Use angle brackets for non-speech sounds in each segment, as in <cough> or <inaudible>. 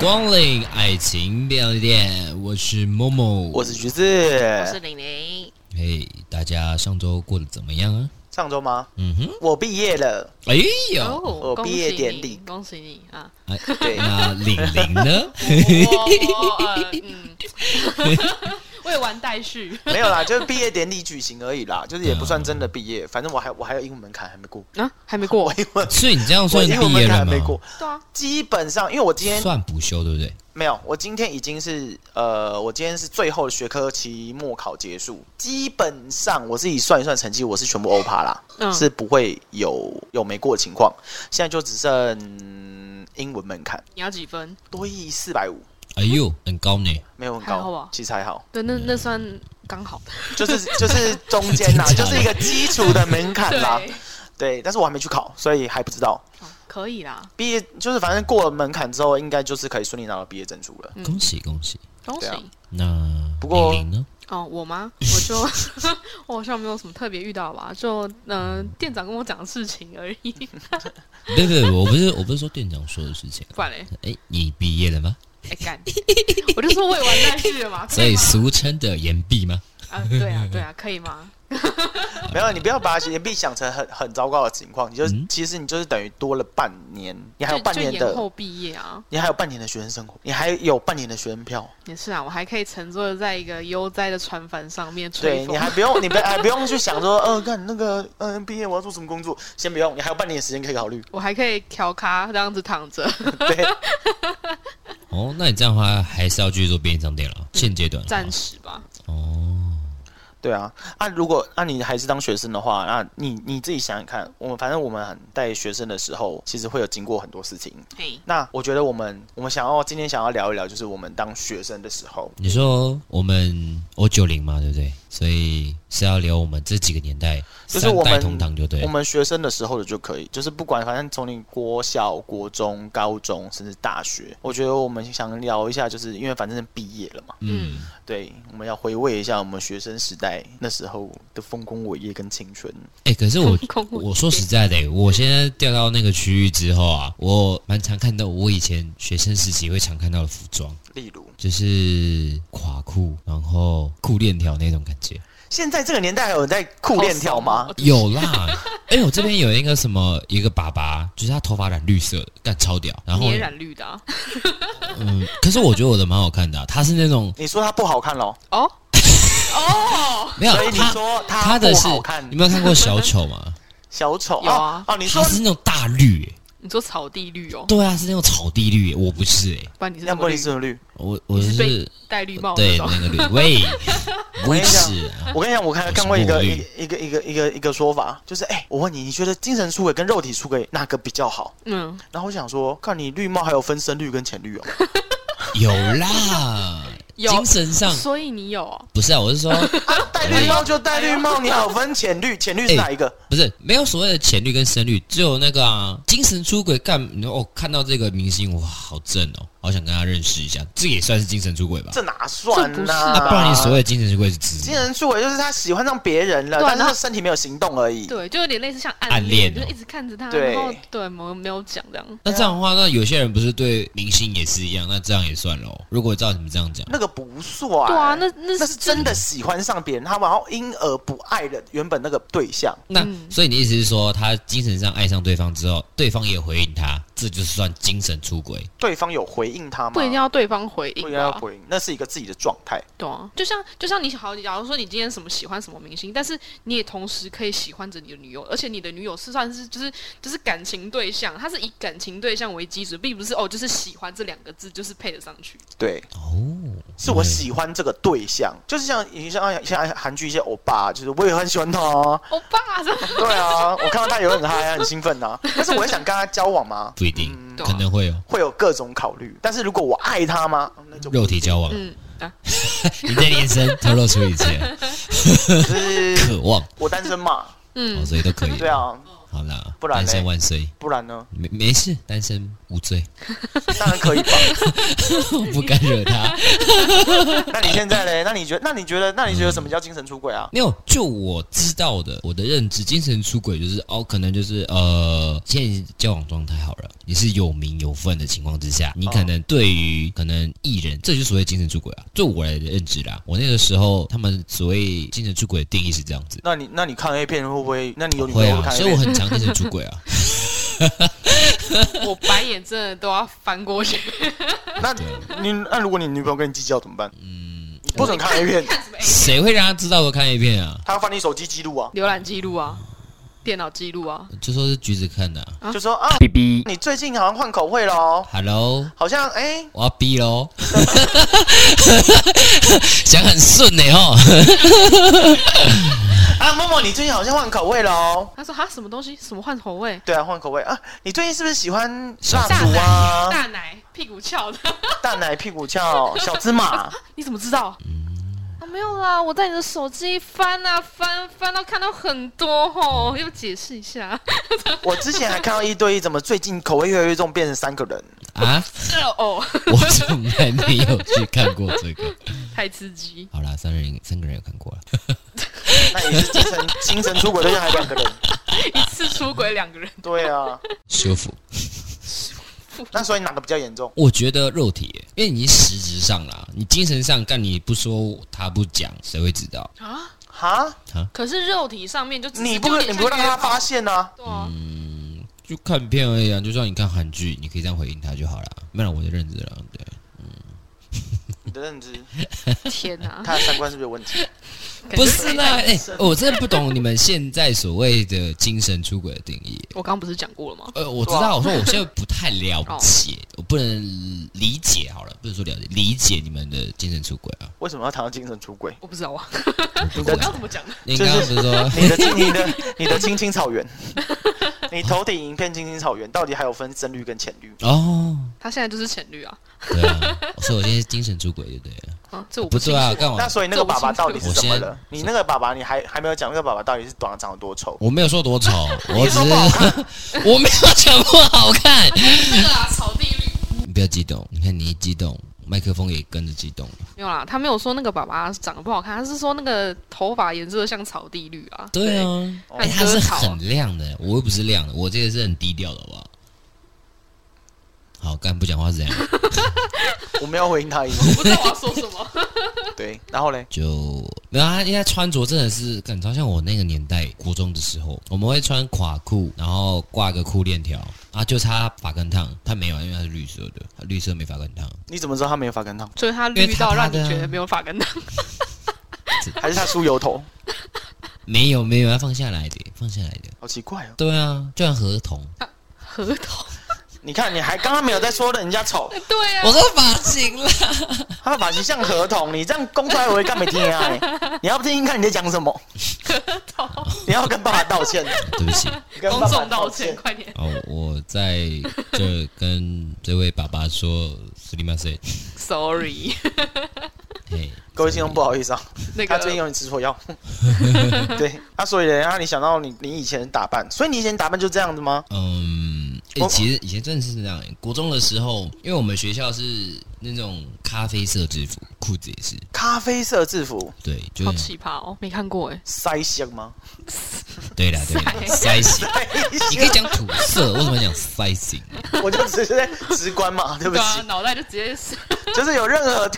光臨愛情便利店，我是某某，我是橘子，我是玲玲。嘿、hey，大家上週過得怎麼樣啊？上週嗎？嗯哼，我畢業了。哎呦、哦，我畢業典禮，恭喜你，恭喜你啊！哎、啊，對，那玲玲呢？ <laughs> <laughs> 未完待續， <laughs> 沒有啦，就是畢業典禮舉行而已啦，就是也不算真的畢業，反正我還我還有英文門檻還沒過，啊，還沒過，我以所以你這樣說，你畢業了嗎？還沒過？對啊，基本上因為我今天算補修對不對？沒有，我今天已經是，呃，我今天是最後的學科期末考結束，基本上我自己算一算成績，我是全部歐趴啦，嗯，是不會有有沒過的情況，現在就只剩英文門檻，你要幾分？多益四百五。哎呦，很高呢，沒有很高，還好啊、其實還好。對，那那算剛好、 <laughs> 就是，就是就是中間啦、啊，就是一個基礎的門檻啦 <laughs> 對。對，但是我還沒去考，所以還不知道。可以啦，畢業就是反正過了門檻之後，應該就是可以順利拿到畢業證書了。恭、嗯、喜恭喜，恭喜！啊、恭喜那不過哦，我嗎？我就 <laughs> <laughs> 我好像沒有什麼特別遇到吧，就嗯、呃，店長跟我講的事情而已。 <laughs> 對，對對，我不是我不是說店長說的事情，掛嘞、欸。哎、欸，你畢業了嗎？哎、欸，幹！我就說未完待續嘛。 <laughs> 所以俗稱的延畢嗎？啊，對啊，對啊，可以嗎？ <laughs> 沒有，你不要把延畢想成很很糟糕的情況。你就、嗯、其實你就是等於多了半年，你還有半年的後畢業啊，你還有半年的學生生活、嗯，你還有半年的學生票。也是啊，我還可以乘坐在一個悠哉的船帆上面。對，你還不用，你不還不用去想說， <laughs> 呃，幹，那個，嗯、呃，畢業我要做什麼工作？先不用，你還有半年的時間可以考慮。我還可以調咖這樣子躺着。 <laughs> 對 <laughs> 哦，那你這樣的話還是要繼續做便利商店了？現、嗯、階段暫時吧，吧。哦，對啊，那、啊、如果那、啊、你還是當學生的話，那你你自己想想看，我們反正我們很帶學生的時候，其實會有經過很多事情。那我覺得我們我們想要今天想要聊一聊，就是我們當學生的時候。你說我們我九零嘛，對不對？所以是要聊我們這幾個年代，就是我們我們學生的時候的就可以，就是不管反正從你國小、國中、高中，甚至大學，我覺得我們想聊一下，就是因為反正畢業了嘛，嗯，對，我們要回味一下我們學生時代那時候的豐功偉業跟青春。哎、欸，可是我我說實在的、欸，我現在調到那個區域之後啊，我蠻常看到我以前學生時期會常看到的服裝，例如就是垮褲，然後褲鏈條那種感覺。現在這個年代還有人在酷鏈條嗎？Oh, so. Oh, so. <laughs> 有啦，哎、欸，我這邊有一個什麼一個爸爸，就是他頭髮染綠色，幹超屌，然後也染綠的、啊。 <laughs> 嗯，可是我覺得我的蠻好看的、啊，他是那種你說他不好看咯。哦哦，沒有，你說他 <laughs> 他，他的是，你沒有看過小丑嗎？ <laughs> 小丑有啊，哦，哦你說他是那種大綠、欸。你說草地綠哦？對啊，是那種草地綠，我不是哎。不然你是什麼色綠？我我是，是戴綠帽的，對那個綠。喂，不是。我跟你講， <laughs> 我，你講 <laughs> 我看， <laughs> 看過一個一一個一個一個一個說法，就是哎、欸，我問你，你覺得精神出軌跟肉體出軌哪個比較好？嗯，然後我想說，看你綠帽還有分深綠跟淺綠哦。 <laughs> 有啦。 <laughs> 精神上，所以你有、哦？不是啊，我是說，戴、 <laughs> 啊、綠帽就戴綠帽、欸，你好分淺綠、淺綠是哪一個、欸？不是，沒有所謂的淺綠跟深綠，只有那個、啊、精神出軌幹。哦，看到這個明星，哇，好正哦。好想跟他認識一下，這也算是精神出軌吧？這哪算、啊？不是。那、啊、不然你所謂的精神出軌是指？精神出軌就是他喜歡上別人了，對啊、但是他身體沒有行動而已。對，就有點類似像暗戀，暗戀哦、就是、一直看着他，對然後對我們沒有講這樣。那這樣的話，那有些人不是對明星也是一樣？那這樣也算咯。如果照你們這樣講，那個不。啊、欸，對啊，那那，那是真的喜歡上別人，他然後因而不愛了原本那個對象。那、嗯、所以你的意思是說，他精神上愛上對方之後，對方也回應他，這就是算精神出軌？對方有回應他嗎？不一定要對方回應，不一定要回應，那是一個自己的狀態。對啊。就像就像你好，假如說你今天什麼喜歡什麼明星，但是你也同時可以喜歡着你的女友，而且你的女友是算是就是就是感情對象，他是以感情對象為基礎，並不是哦，就是喜歡這兩個字就是配得上去。對哦，oh, 是我。喜歡這個對象，就是像像像韓劇一些歐巴，就是我也很喜歡他。歐巴，對啊，我看到他也很嗨，很興奮啊。但是，我會想跟他交往嗎？不一定，肯、嗯、定會有，會有各種考慮。但是如果我愛他嗎？肉體交往，嗯，啊、 <laughs> 你的眼神透露出一切，渴 <laughs> 望我單身嘛，嗯，所以都可以，對啊。好了，不然呢？單身萬歲！不然呢？沒沒事，單身無罪。當然可以吧，我不敢惹他。 <laughs> <laughs> 那你現在嘞？那你覺得？那你覺得？那你覺得什麼叫精神出軌啊？沒、嗯、有，no, 就我知道的，我的認知，精神出軌就是哦，可能就是呃，現在交往狀態好了，也是有名有份的情況之下，你可能對於、啊、可能藝人，這就所謂精神出軌啊。就我來的認知啦，我那個時候他們所謂精神出軌的定義是這樣子。那你那你看 A 片會不會？那你有女朋友看、啊？所以我很。肯定是出軌啊！ <laughs> 我白眼真的都要翻過去 <laughs> <laughs> 那。那你那如果你女朋友跟你計較怎麼辦？嗯，不准看 A 片，誰會讓他知道我看 A 片啊？他要翻你手機記錄啊，瀏覽記錄啊，電腦記錄啊，就說是橘子看的。啊啊，就說啊，B B，你最近好像換口味咯，哦。Hello 好像哎、欸，我要逼嘍， <laughs> 想很順呢、欸。哦。 <laughs> 啊，默默，你最近好像換口味了哦。他說：“哈，什麼東西？什麼換口味？”對啊，換口味啊！你最近是不是喜歡蠟燭啊？大奶屁股翹的，大奶屁股翹， <laughs> 小芝麻。你怎麼知道？嗯、啊，沒有啦，我在你的手機翻啊翻，翻到、啊、看到很多哦、嗯，要解釋一下。 <laughs> 我之前還看到一對一，怎麼最近口味越來越重，變成三個人啊？是哦，我從來沒有去看過這個，太刺激。好啦，三人，三個人有看過了。 <laughs> 那一次精神精神出軌的人，還兩個人，一次出軌兩個人，對啊，舒服。 <laughs> 那所以哪個比較嚴重？我覺得肉體，因為你實質上啦，你精神上，幹你不說，他不講，誰會知道啊？啊可是肉體上面就你不能，你不會讓他發現呢、啊啊？嗯，就看片而已啊。就算你看韓劇，你可以這樣回應他就好了。沒有我的認知了，對。你的認知，天哪、啊！他的三觀是不是有問題？不是啦，哎、欸欸，我真的不懂你們現在所謂的精神出軌的定義。我剛剛不是講過了嗎？呃、欸，我知道、啊，我說我現在不太了解、哦，我不能理解好了，不能說了解，理解你們的精神出軌啊？為什麼要談到精神出軌？我不知道啊。我剛剛、啊、怎麼講你剛就是，剛剛不是說，你的、你的、你的青青草原， <laughs> 你頭頂一片青青草原，哦、到底還有分深綠跟淺綠哦，他現在就是淺綠啊。對啊，所以我今天是精神出軌。 <laughs> <laughs> 對對、啊啊這我不，啊、不是吧、啊？那所以那個爸爸到底是什麼了？你那個爸爸你還還沒有講那個爸爸到底是短長得多醜？我沒有說多醜，我只是我沒有講不好看。 <laughs> 好看啊、就是個，草地綠。你不要激動，你看你一激動，麥克風也跟着激動了。沒有啦，他沒有說那個爸爸長得不好看，他是說那個頭髮顏色像草地綠啊。對，對啊，而、哦欸、他是很亮的、嗯，我又不是亮的，我這個是很低調的好，不好？好，幹不講話是這樣。 <laughs> 我沒有回應他，已 <laughs> 經不知道我要說什麼。 <laughs> 對，然後嘞，就沒有、啊、他應該穿着真的是很潮，感像我那個年代國中的時候，我們會穿垮褲，然後掛個褲鏈條啊，就差髮根燙，他沒有，因為他是綠色的，綠色沒髮根燙。你怎麼知道他沒有髮根燙？就是他綠到讓你覺得沒有髮根燙，啊、 <laughs> 還是他梳油頭？ <laughs> 沒有沒有，要放下來的，放下來的，好奇怪哦。對啊，就像河童、啊、河童你看，你還剛剛沒有在說的，人家醜。對呀、啊，我的髮型啦。 <laughs> 他的髮型像河童，你這樣公出來，我會干沒聽啊、欸？你要不聽聽看你在講什麼？河童。你要跟爸爸道歉。 <laughs> 對不起。跟爸爸道歉，道歉快點。哦，我在這跟這位爸爸說，私密馬賽 <laughs> Sorry <laughs> 、hey, 各位聽眾， <laughs> 不好意思啊，他最近有你吃錯藥。 <laughs> <laughs> 對，他、啊、所以人，讓你想到你，你以前打扮，所以你以前打扮就這樣子嗎？嗯、um,。哎、欸，其實以前真的是這樣、欸。國中的時候，因為我們學校是那種咖啡色制服，褲子也是咖啡色制服，對，就是、好奇葩哦、喔，沒看過哎、欸，塞香嗎？對啦，對，塞形，你可以講土色，為什麼講塞形？我就直接直觀嘛，對不起，腦、啊、袋就直接死，就是有任何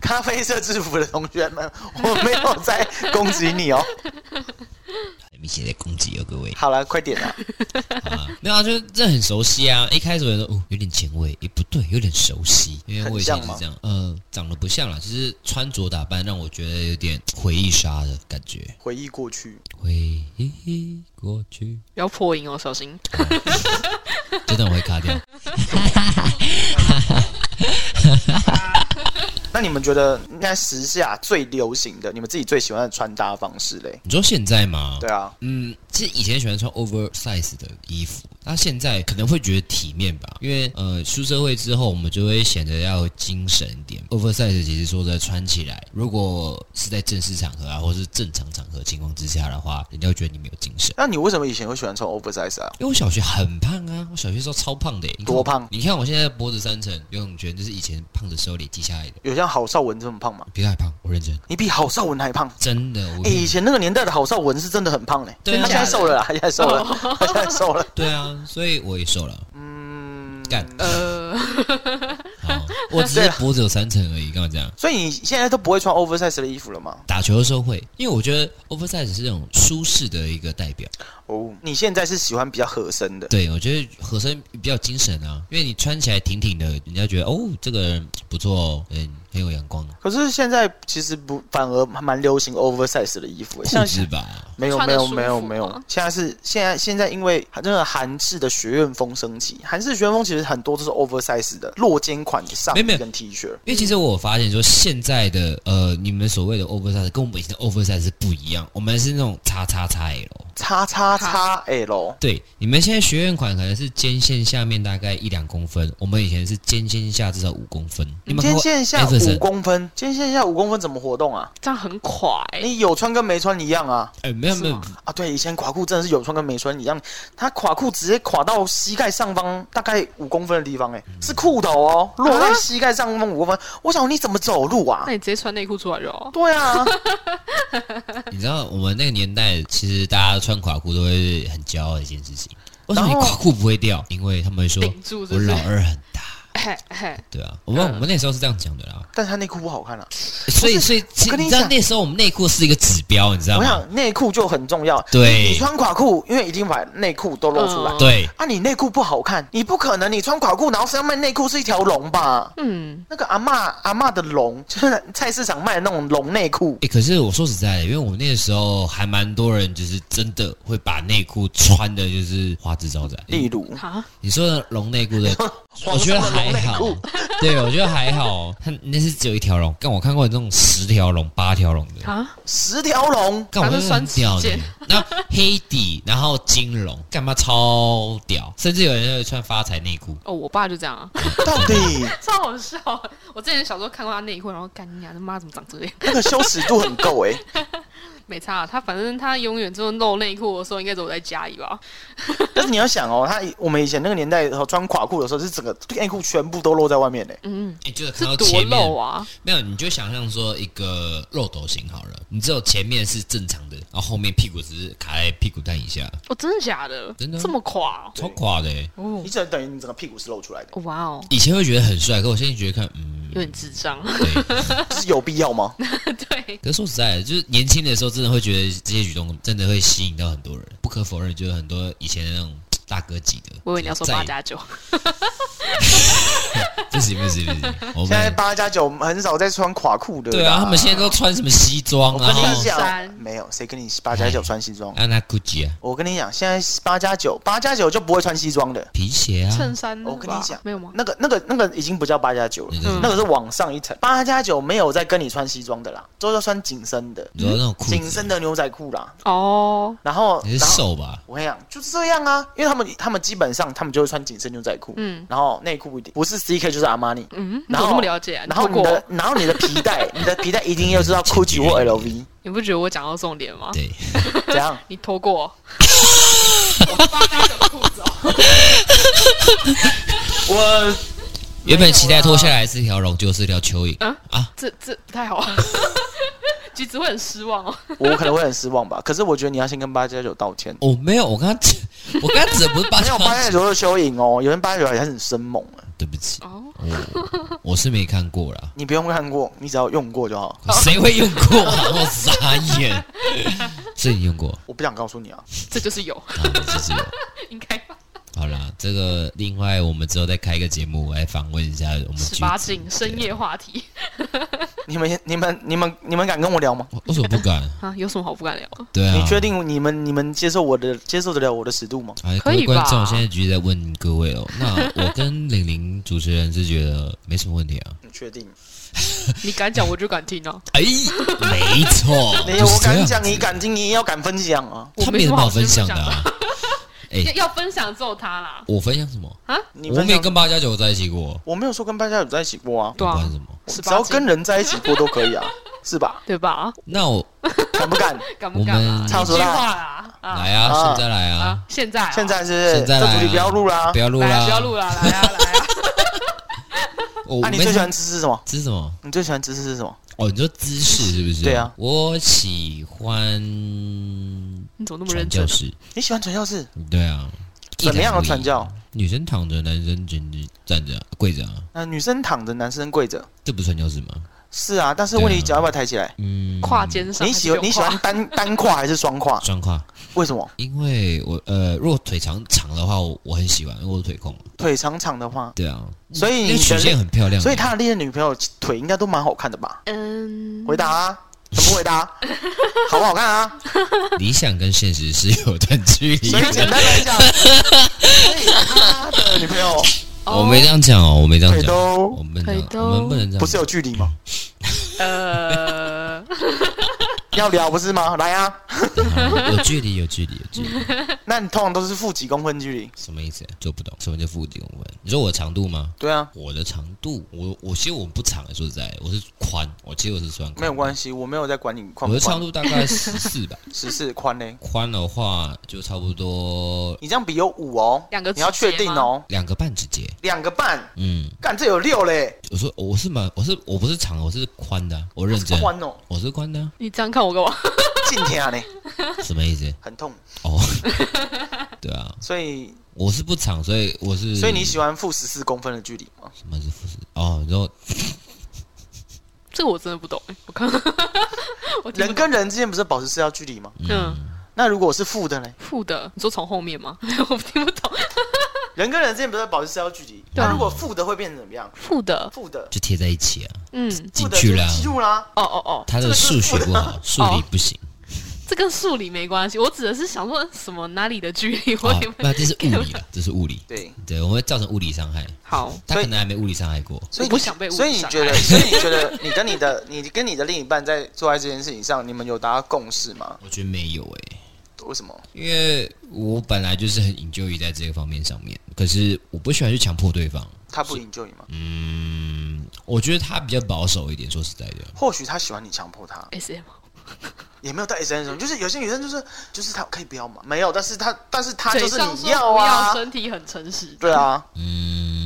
咖啡色制服的同學們，我沒有在攻擊你哦、喔。 <laughs> 明顯的攻擊哦，各位。好了，快點啦。 <laughs> 好啊、沒有、啊，就這很熟悉啊。一開始我就說哦，有點前衛，也不對，有點熟悉。因為我以前是這樣，很像嗎？嗯、呃，長得不像了，其、就、實、是、穿着打扮讓我覺得有點回憶殺的感覺。回憶過去，回憶過去。要破音哦，小心，這段我會卡掉。 <laughs> <laughs> <laughs> <laughs> <laughs> 那你們覺得，應該時下最流行的、你們自己最喜歡的穿搭的方式嘞？你說現在嗎？對啊，嗯，其實以前喜歡穿 oversize 的衣服，那現在可能會覺得體面吧，因為呃，出社會之後，我們就會顯得要精神一點。oversize 其實說在穿起來，如果是在正式場合啊，或是正常場合。和情況之下的話，人家會覺得你沒有精神。那你為什麼以前會喜歡穿 oversize 啊？因、欸、為我小學很胖啊，我小學時候超胖的。你，多胖？你看我現在脖子三層游泳圈，就是以前胖的時候里記下來的。有像郝劭文這麼胖嗎？比他胖，我認真。你比郝劭文還胖，真的。我欸、以前那個年代的郝劭文是真的很胖呢。對啊，他現在瘦了，他現在瘦了，他現在瘦了。Oh. 瘦了 <laughs> 對啊，所以我也瘦了。嗯，幹。呃 <laughs> 我只是脖子有三層而已，剛剛這樣。所以你現在都不會穿 oversize 的衣服了嗎？打球的時候會，因為我覺得 oversize 是那種舒適的一個代表。你現在是喜歡比較合身的？對我覺得合身比較精神啊，因為你穿起來挺挺的，人家覺得哦，這個人不錯哦，嗯，很有陽光。可是現在其實不，反而蠻流行 oversize 的衣服，褲子吧。啊？沒有，沒有，沒有，沒有。現在是現在現在，現在因為真的、那個、韓式的學院風興起，韓式學院風其實很多都是 oversize 的落肩款的上衣跟 T 恤。因為其實我發現，說現在的呃，你們所謂的 oversize 跟我們以前的 oversize 是不一樣，我們是那種叉叉叉 L。叉,叉叉叉 L，對，你們現在學院款可能是肩線下面大概一兩公分，我們以前是肩線下至少五公分。你們肩線下五公分，肩線下五公分怎麼活動啊？這樣很垮、欸。你有穿跟沒穿一樣啊？哎、欸，沒有沒有啊。對，以前垮褲真的是有穿跟沒穿一樣，他垮褲直接垮到膝蓋上方大概五公分的地方、欸，哎、嗯，是褲頭哦，落在膝蓋上方五公分。我想你怎麼走路啊？那你直接穿內褲出來就好。對啊。 <laughs> 你知道我們那個年代，其實大家。穿垮褲都會很驕傲的一件事情。那你垮褲不會掉，因為他們會說我老二很大。Hey, hey. 對啊，我們、uh, 我們那時候是這樣講的啦，但是他內褲不好看啊。所以所以，所以你，你知道那時候我們內褲是一個指標，你知道嗎？我想內褲就很重要，對，你穿垮褲，因為已經把內褲都露出來，oh. 對，啊，你內褲不好看，你不可能你穿垮褲，然後身上賣內褲是一條龍吧？嗯，那個阿嬤阿嬤的龍，就是菜市場賣的那種龍內褲。哎、欸，可是我說實在的，因為我們那個時候還蠻多人，就是真的會把內褲穿的，就是花枝招展，例、欸、如你說的龍內褲的，我覺得還。還好，對我覺得還好。他那是只有一條龍，跟我看過這種十條龍、八條龍的啊，十條龍，跟我都穿吊件，然後黑底，然後金龍，幹嘛超屌，甚至有人會穿發財內褲。哦，我爸就這樣啊，哦、到底 <laughs> 超好笑的。我之前小時候看過他內褲，然後幹你媽、啊，他媽怎麼長這樣？那個羞恥度很夠哎、欸。 <laughs> 沒差、啊，他反正他永遠就是露內褲的時候，應該都在家裡吧？ <laughs> 但是你要想哦，他我們以前那個年代穿垮褲的時候，就是整個內褲全部都露在外面的。嗯嗯，你、欸、就看到前面，這多露啊？沒有，你就想象說一個漏斗型好了，你只有前面是正常的，然後後面屁股只是，是卡在屁股蛋以下。哦，真的假的？真的這麼垮？超垮的哦！你整等於你整個屁股是露出來的。哇哦！以前會覺得很帥，可我現在覺得看嗯。有點智障，這是有必要嗎？ <laughs> 對。可是說實在的，就是年輕的時候，真的會覺得這些舉動真的會吸引到很多人。不可否認，就是很多以前的那種。大哥級的，我以為你要說八加九，不行不行不行。現在八加九很少在穿垮褲的，啊，對啊，他們現在都穿什麼西裝啊？襯 <laughs> 衫沒有，誰跟你八加九穿西裝，哎啊？那估計啊，我跟你講，現在八加九八加九就不會穿西裝的，皮鞋啊，襯衫，我跟你講，沒有嗎？那個那個那個已經不叫八加九了，嗯，那個是往上一層，八加九沒有在跟你穿西裝的啦，都要穿緊身的，你說那種緊身的牛仔褲啦，哦，然後你是瘦吧？我跟你講，就這樣啊，因為他們。他們基本上，他們就會穿緊身牛仔褲，嗯，然後內褲一定不是 CK 就是阿瑪尼。嗯，然後怎麼那麼了解，啊，然後你的然後你的皮帶， <laughs> 你的皮帶一定要知道 GUCCI 或 LV，你不覺得我講到重點嗎？對， <laughs> 怎樣？你脫過？ <laughs> 我，哦， <laughs> 我原本皮帶脫下來是一條龍，就是一條蚯蚓。啊、嗯、啊，這這不太好啊。 <laughs> 其實會很失望，哦，我可能會很失望吧。 <laughs> 可是我覺得你要先跟八加九道歉。哦，oh，沒有，我剛剛我剛剛指的不是八加九， <laughs> 八加九是蚯蚓哦。有人八加九，是很生猛。對不起，哦，oh, <laughs> 我是沒看過啦。你不用看過，你只要用過就好。誰，oh，會用過？我好傻眼 <laughs> 是你用過？我不想告訴你啊。 <laughs> 這就是有，哈 <laughs> 哈，啊，是有。 <laughs> 應該吧。好了，這個，另外我們之後再開一個節目來訪問一下我們十八禁深夜話題。 <laughs> 你們你們你們你們敢跟我聊嗎我？為什麼不敢？啊，有什麼好不敢聊啊？對啊，你確定你們你們接受我的接受得了我的尺度嗎觀眾？可以吧？現在就是在問各位哦。那我跟玲玲主持人是覺得沒什麼問題啊。你確定？ <laughs> 你敢講我就敢聽啊。 <laughs> 哎，沒錯，沒 <laughs> 有我敢講你敢聽，你也要敢分享啊。我沒什麼好分享的。啊。 <laughs> 欸、要分享揍他啦！我分享什麼啊？我沒有跟八加九在一起過，我沒有說跟八加九在一起過啊。對啊。不管什麼？只要跟人在一起過都可以啊，是吧？對吧？那我 <laughs> 敢不敢？敢不敢？我們來啊，啊現，現在來啊！啊現在、啊、現在是現在你、啊、不要錄啦！不要錄啦！不要錄啦！來啊來 <laughs> 啊！我、 <laughs> <laughs> <laughs> 啊、你最喜歡吃是什麼？吃什麼？你最喜歡吃是什麼？哦，你說芝士是不是？對啊，我喜歡。傳教士，你喜歡傳教士？對啊，什麼樣的傳教？女生躺着，男生直接站着、啊、跪着、啊。那、呃、女生躺着，男生跪着，這不是傳教士嗎？是啊，但是問題腳要不要抬起來？啊、嗯，胯肩上你。你喜歡你喜歡單單跨還是雙跨？雙跨。為什麼？因為我呃，如果腿長長的話我，我很喜歡。因為我腿控。腿長長的話，對啊，所以曲線很漂亮。所以他的那些女朋友腿應該都蠻好看的吧？嗯。回答、啊。怎麼回答？好不好看啊？理想跟現實是有段距離的。簡單來講，你 <laughs> 朋友，oh, 我沒這樣講哦，我沒這樣講。我們不能這樣講，不是有距離嗎？ <laughs> 呃， <laughs> 要聊不是嗎？來啊！有距離，有距離，有距離。那你通常都是負幾公分距離？什麼意思啊？就不懂什麼叫負幾公分？你說我的長度嗎？對啊，我的長度，我我其實我們不長，我說實在，我是寬，我其實我是算寬，沒有關係，我沒有在管你寬不寬。我的長度大概十四吧，十四寬呢？寬的話就差不多。你這樣比有五哦，兩個你要確定哦，兩個半直接兩個半。嗯，幹這有六嘞。我說我是蠻，我是，我，是我不是長，我是寬的，我認真寬哦，我是寬的，的。你這樣看我幹嘛？ <laughs> 進天啊！你什麼意思？很痛哦。Oh, <laughs> 對啊，所以我是不長，所以我是，所以你喜歡負十四公分的距離嗎？什麼是負十四、oh,？哦，然後這個我真的不懂哎。我看，人跟人之間不是保持社交距離嗎？ <laughs> 嗯，那如果我是負的呢？負的，你說從後面嗎？ <laughs> 我聽不懂。 <laughs> 人跟人之間不是保持社交距離？那、啊、如果負的會變成怎麼樣？負的，負的就貼在一起啊。嗯，進去了、啊，住啦、啊。哦哦哦，他的數學不好，數理不行。Oh. 這跟數理沒關係，我指的是想說什麼哪裡的距離、啊，我那、啊、這是物理了，這是物理，對對，我會造成物理傷害。好，他可能還沒物理傷害過，所以不想被物理傷害。所以你覺得，所以你覺得，你跟你的， <laughs> 你跟你的另一半在做愛這件事情上，你們有達到共識嗎？我覺得沒有誒、欸，為什麼？因為我本來就是很 enjoy 在這個方面上面，可是我不喜歡去強迫對方。他不 enjoy 嗎？嗯，我覺得他比較保守一點。說實在的，或許他喜歡你強迫他。S M。也沒有帶 H N 什麼，就是有些女生就是就是她可以不要嘛，沒有，但是她但是她就是你要啊，要身體很誠實，對啊，嗯。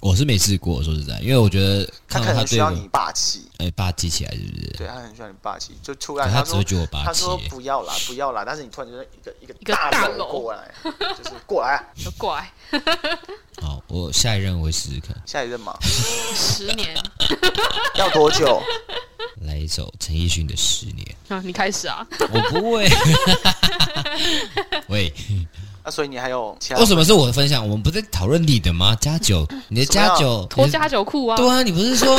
我是沒試過，說實在，因為我覺得看到他，我他可能需要你霸氣，哎、欸，霸氣起來是不是？對他很需要你霸氣，就出來他，他只會覺得我霸氣，他說不要啦，不要啦，但是你突然覺得一個一個一個大聲過來，就是過來就過來。嗯、 <laughs> 好，我下一任我會試試看，下一任嘛， <laughs> 十年， <laughs> 要多久？ <laughs> 來一首陳奕迅的《十年》啊，你開始啊？我不會， <laughs> 喂。啊、所以你還有？其他，為、哦、什麼是我的分享？我們不是在討論你的嗎？加九，你的加九脫加九褲啊？對啊，你不是說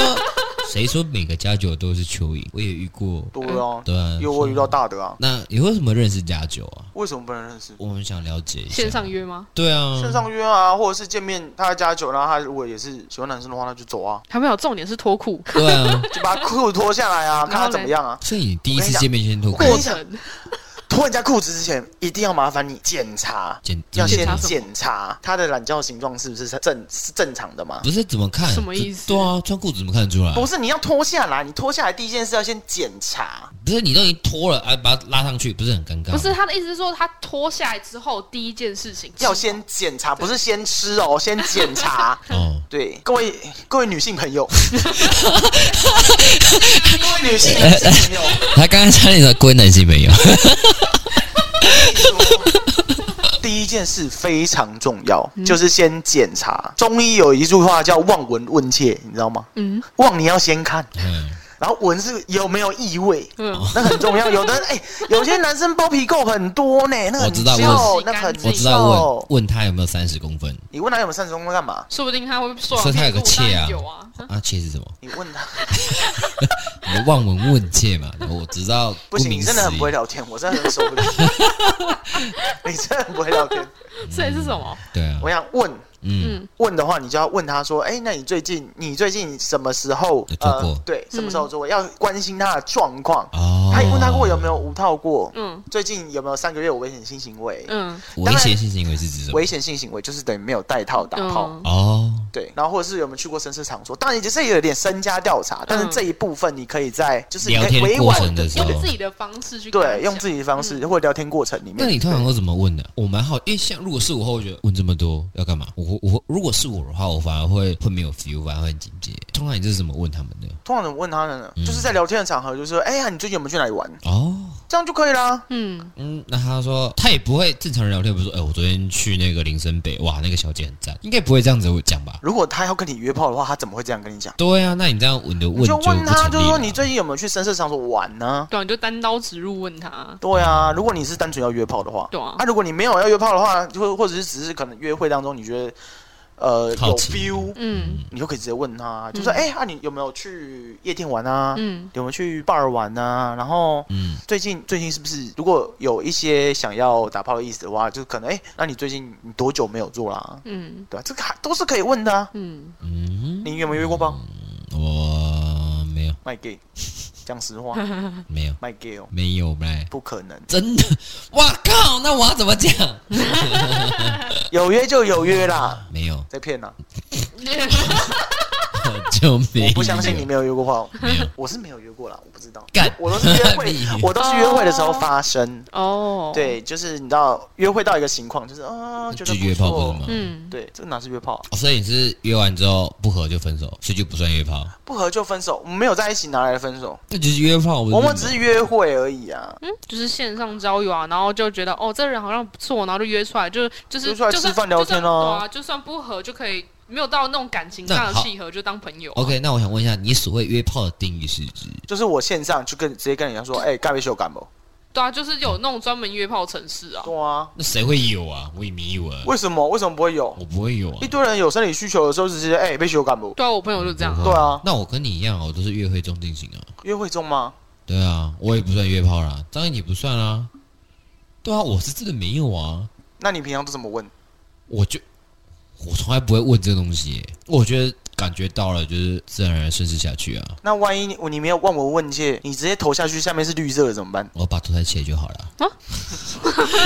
誰 <laughs> 說每個加九都是蚯蚓？我也遇過，嗯、對啊，因為我遇到大的啊。那你為什麼認識加九啊？為什麼不能認識？我們想了解一下、啊、線上約嗎？對啊，線上約啊，或者是見面，他加九，然後他如果也是喜歡男生的話，那就走啊。他們有重點是脫褲，對，啊， <laughs> 就把褲脫下來啊，看他怎麼樣啊。所以你第一次見面先脫褲。 <laughs> 脫人家褲子之前，一定要麻煩你檢查，要先檢查，查他的懶覺形狀是不是正是正常的嗎？不是怎麼看？什麼意思？對啊，穿褲子怎麼看得出來？不是，你要脫下來，你脫下來第一件事要先檢查。不是，你都已經脫了啊，把它拉上去，不是很尷尬？不是，他的意思是說，他脫下來之後，第一件事情要先檢查，不是先吃哦，先檢查。嗯、 <laughs> 哦，對，各位各位女性朋友。 <laughs> <laughs> 各位女性已經沒有、啊，他剛剛說你的閨男已沒有、嗯 <laughs> 第一件事非常重要，嗯、就是先檢查。中醫有一句話叫“望聞問切”，你知道嗎？嗯，望你要先看。嗯然後聞是有沒有異味、嗯，那很重要。哦、有的哎、 <laughs> 欸，有些男生包皮垢很多呢、欸，那個很那很我知道問，那個、我知道問問他有沒有三十公分？你問他有沒有三十公分幹嘛？說不定他會說他有個妾啊。有啊，阿、啊、妾是什麼？你問他，我們望聞問切嘛。我知道，不行，你真的很不會聊天，我真的很受不了。 <laughs> <laughs> <laughs> 你真的很不會聊天，這、 <laughs> 嗯、是什麼？對啊，我想問。嗯，問的話，你就要問他說，哎、欸，那你最近，你最近什麼時候做過，呃，對，什麼時候做過、嗯。要關心他的狀況、哦。他他問他過有沒有無套過，嗯，最近有沒有三個月有危險性行為？嗯，危險性行為是指什麼？危險性行為就是等於沒有戴套打炮、嗯。哦。對，然後或者是有沒有去過紳士場所？當然，其實是有點身家調查，但是這一部分你可以在、嗯、就是你可以委婉的用自己的方式去對，用自己的方式，的方式、嗯、或者聊天過程裡面。那你通常都怎麼問呢、啊？我蠻好，因為像如果是我後，會覺得問這麼多要幹嘛？我我如果是我的話，我反而會會沒有 feel，反而很緊接。通常你這是怎麼問他們的？通常怎麼問他們呢、嗯？就是在聊天的場合，就是說，哎呀，你最近有沒有去哪裡玩？哦，這樣就可以啦。嗯嗯，那他說他也不會正常人聊天不，不是說哎，我昨天去那個林森北，哇，那個小姐很讚，應該不會這樣子講吧？如果他要跟你約炮的話，他怎麼會這樣跟你講？對啊，那你這樣問的問就不成立。就問他，就是說你最近有沒有去深色場所玩呢、啊？對啊，你就單刀直入問他。對啊，如果你是單純要約炮的話，對啊。那、啊，如果你沒有要約炮的話，就或者是只是可能約會當中你覺得。呃，有 feel 嗯，你就可以直接問他，就說、是，哎、嗯，那、欸啊、你有沒有去夜店玩啊？嗯，有沒有去 bar 玩啊？然後，嗯，最近最近是不是如果有一些想要打炮的意思的話，就可能，哎、欸，那你最近你多久沒有做啦、啊？嗯，對吧、啊？這個還都是可以問的、啊，嗯嗯，你有沒有約過炮、嗯？我沒有，賣 <laughs> 給講實話，沒有賣 g 沒有不可，不可能，真的，哇靠，那我要怎麼講？ <laughs> <laughs> 有約就有約啦，沒有在騙吶。 <laughs> 就沒，我不相信你沒有約過炮。我是沒有約過啦，我不知道。幹，我都是約會， <laughs> 我都是約會的時候發生。哦、oh.，對，就是你知道，約會到一個情況，就是啊，就是約炮。嗎？嗯，對，這哪是約炮、啊？所以你是約完之後不合就分手，所以就不算約炮。不合就分手，我們沒有在一起，哪來的分手？ <laughs> 那就是約炮是。我們只是約會而已啊。嗯，就是線上交友啊，然後就覺得哦，這人好像不錯，然後就約出來，就是就是就是吃飯聊天啊，就算,就算,、啊、就算不合就可以。沒有到那種感情上的契合，就當朋友。啊。OK，那我想問一下，你所謂約炮的定義是指？就是我線上就跟直接跟人家說，哎，該沒修改不？對啊，就是有那種專門約炮程式啊。對啊，那誰會有啊？我也沒有啊。為什麼？為什麼不會有？我不會有啊！一堆人有生理需求的時候是，直接哎，沒修改不？對啊，我朋友就是這樣對。啊。對啊，那我跟你一樣，我都是約會中進行啊。約會中嗎？對啊，我也不算約炮啦。當然你不算啦。啊。 <laughs> 對啊，我是真的沒有啊。那你平常都怎麼問？我就。我從來不會問這個東西、欸，我覺得感覺到了，就是自然而然順勢下去啊。那萬一你，你沒有望聞問切，你直接投下去，下面是綠色的怎麼辦？我把頭抬起來就好了啊，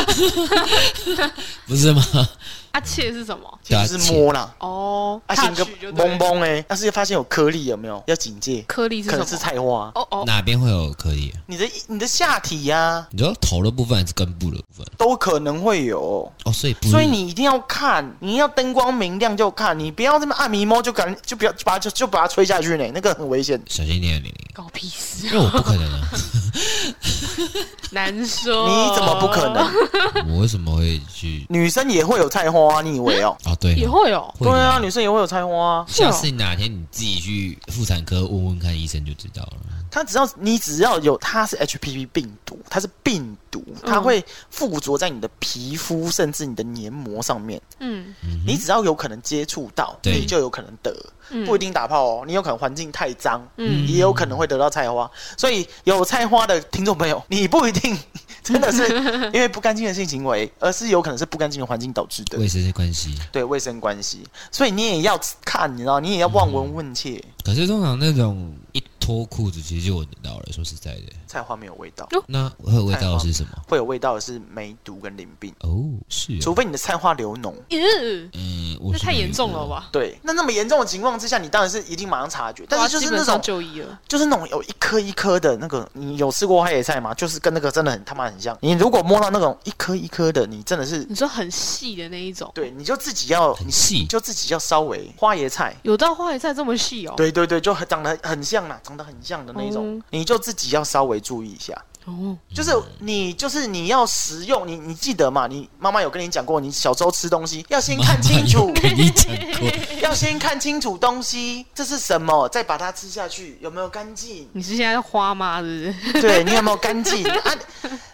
<laughs> 不是嗎？ <laughs> <laughs> 阿、啊、切是什麼？就是摸啦。哦，阿、啊、切就懵懵哎，但是又發現有顆粒，有沒有？要警戒，顆粒是。可能是菜花、啊。哦哦，哪邊會有顆粒、啊？你的你的下體呀、啊？你知道頭的部分還是根部的部分？都可能會有。哦，所以不所以你一定要看，你要燈光明亮就看，你不要這麼按迷摸，就感，就不要把就就把它吹下去呢，那個很危險，小心點，你你。搞屁事！因為我不可能、啊。 <laughs> <laughs> 難說，你怎麼不可能？我為什麼會去？女生也會有菜花、啊、你以為、喔、哦。啊，對，也會有。對啊，女生也會有菜花、啊。下次哪天你自己去婦產科問問看醫生就知道了。他只要你只要有，他是 HPV 病毒，它是病毒，嗯、它會附着在你的皮膚甚至你的黏膜上面。嗯，你只要有可能接觸到，你就有可能得。嗯、不一定打炮哦，你有可能環境太髒，嗯，也有可能會得到菜花。所以有菜花的聽眾朋友，你不一定真的是因為不乾淨的性行為，而是有可能是不乾淨的環境導致的衛生關係。對衛生關係，所以你也要看，你知道，你也要望聞問切、嗯。可是通常那種一脫褲子，其實就聞到了。說實在的，菜花沒有味道。那會有味道是什麼？會有味道的是梅毒跟淋病哦，是哦。除非你的菜花流膿、呃。嗯。那太嚴重了吧？對，那那麼嚴重的情況之下，你當然是一定馬上察覺。但是就是那種就，就是那種有一顆一顆的那個，你有吃過花椰菜嗎？就是跟那個真的很他媽很像。你如果摸到那種一顆一顆的，你真的是你說很細的那一種，對，你就自己要很細，就自己要稍微花椰菜有到花椰菜這麼細哦、喔？對對對，就很長得很像嘛，長得很像的那一種、嗯，你就自己要稍微注意一下。哦、oh.，就是你，就是你要食用你，你記得嘛？你媽媽有跟你講過，你小時候吃東西要先看清楚，媽媽也給你講過，要先看清楚東西 <laughs> 這是什麼，再把它吃下去，有沒有乾淨？你是現在是花嗎？是不是？對你有沒有乾淨 <laughs> 啊？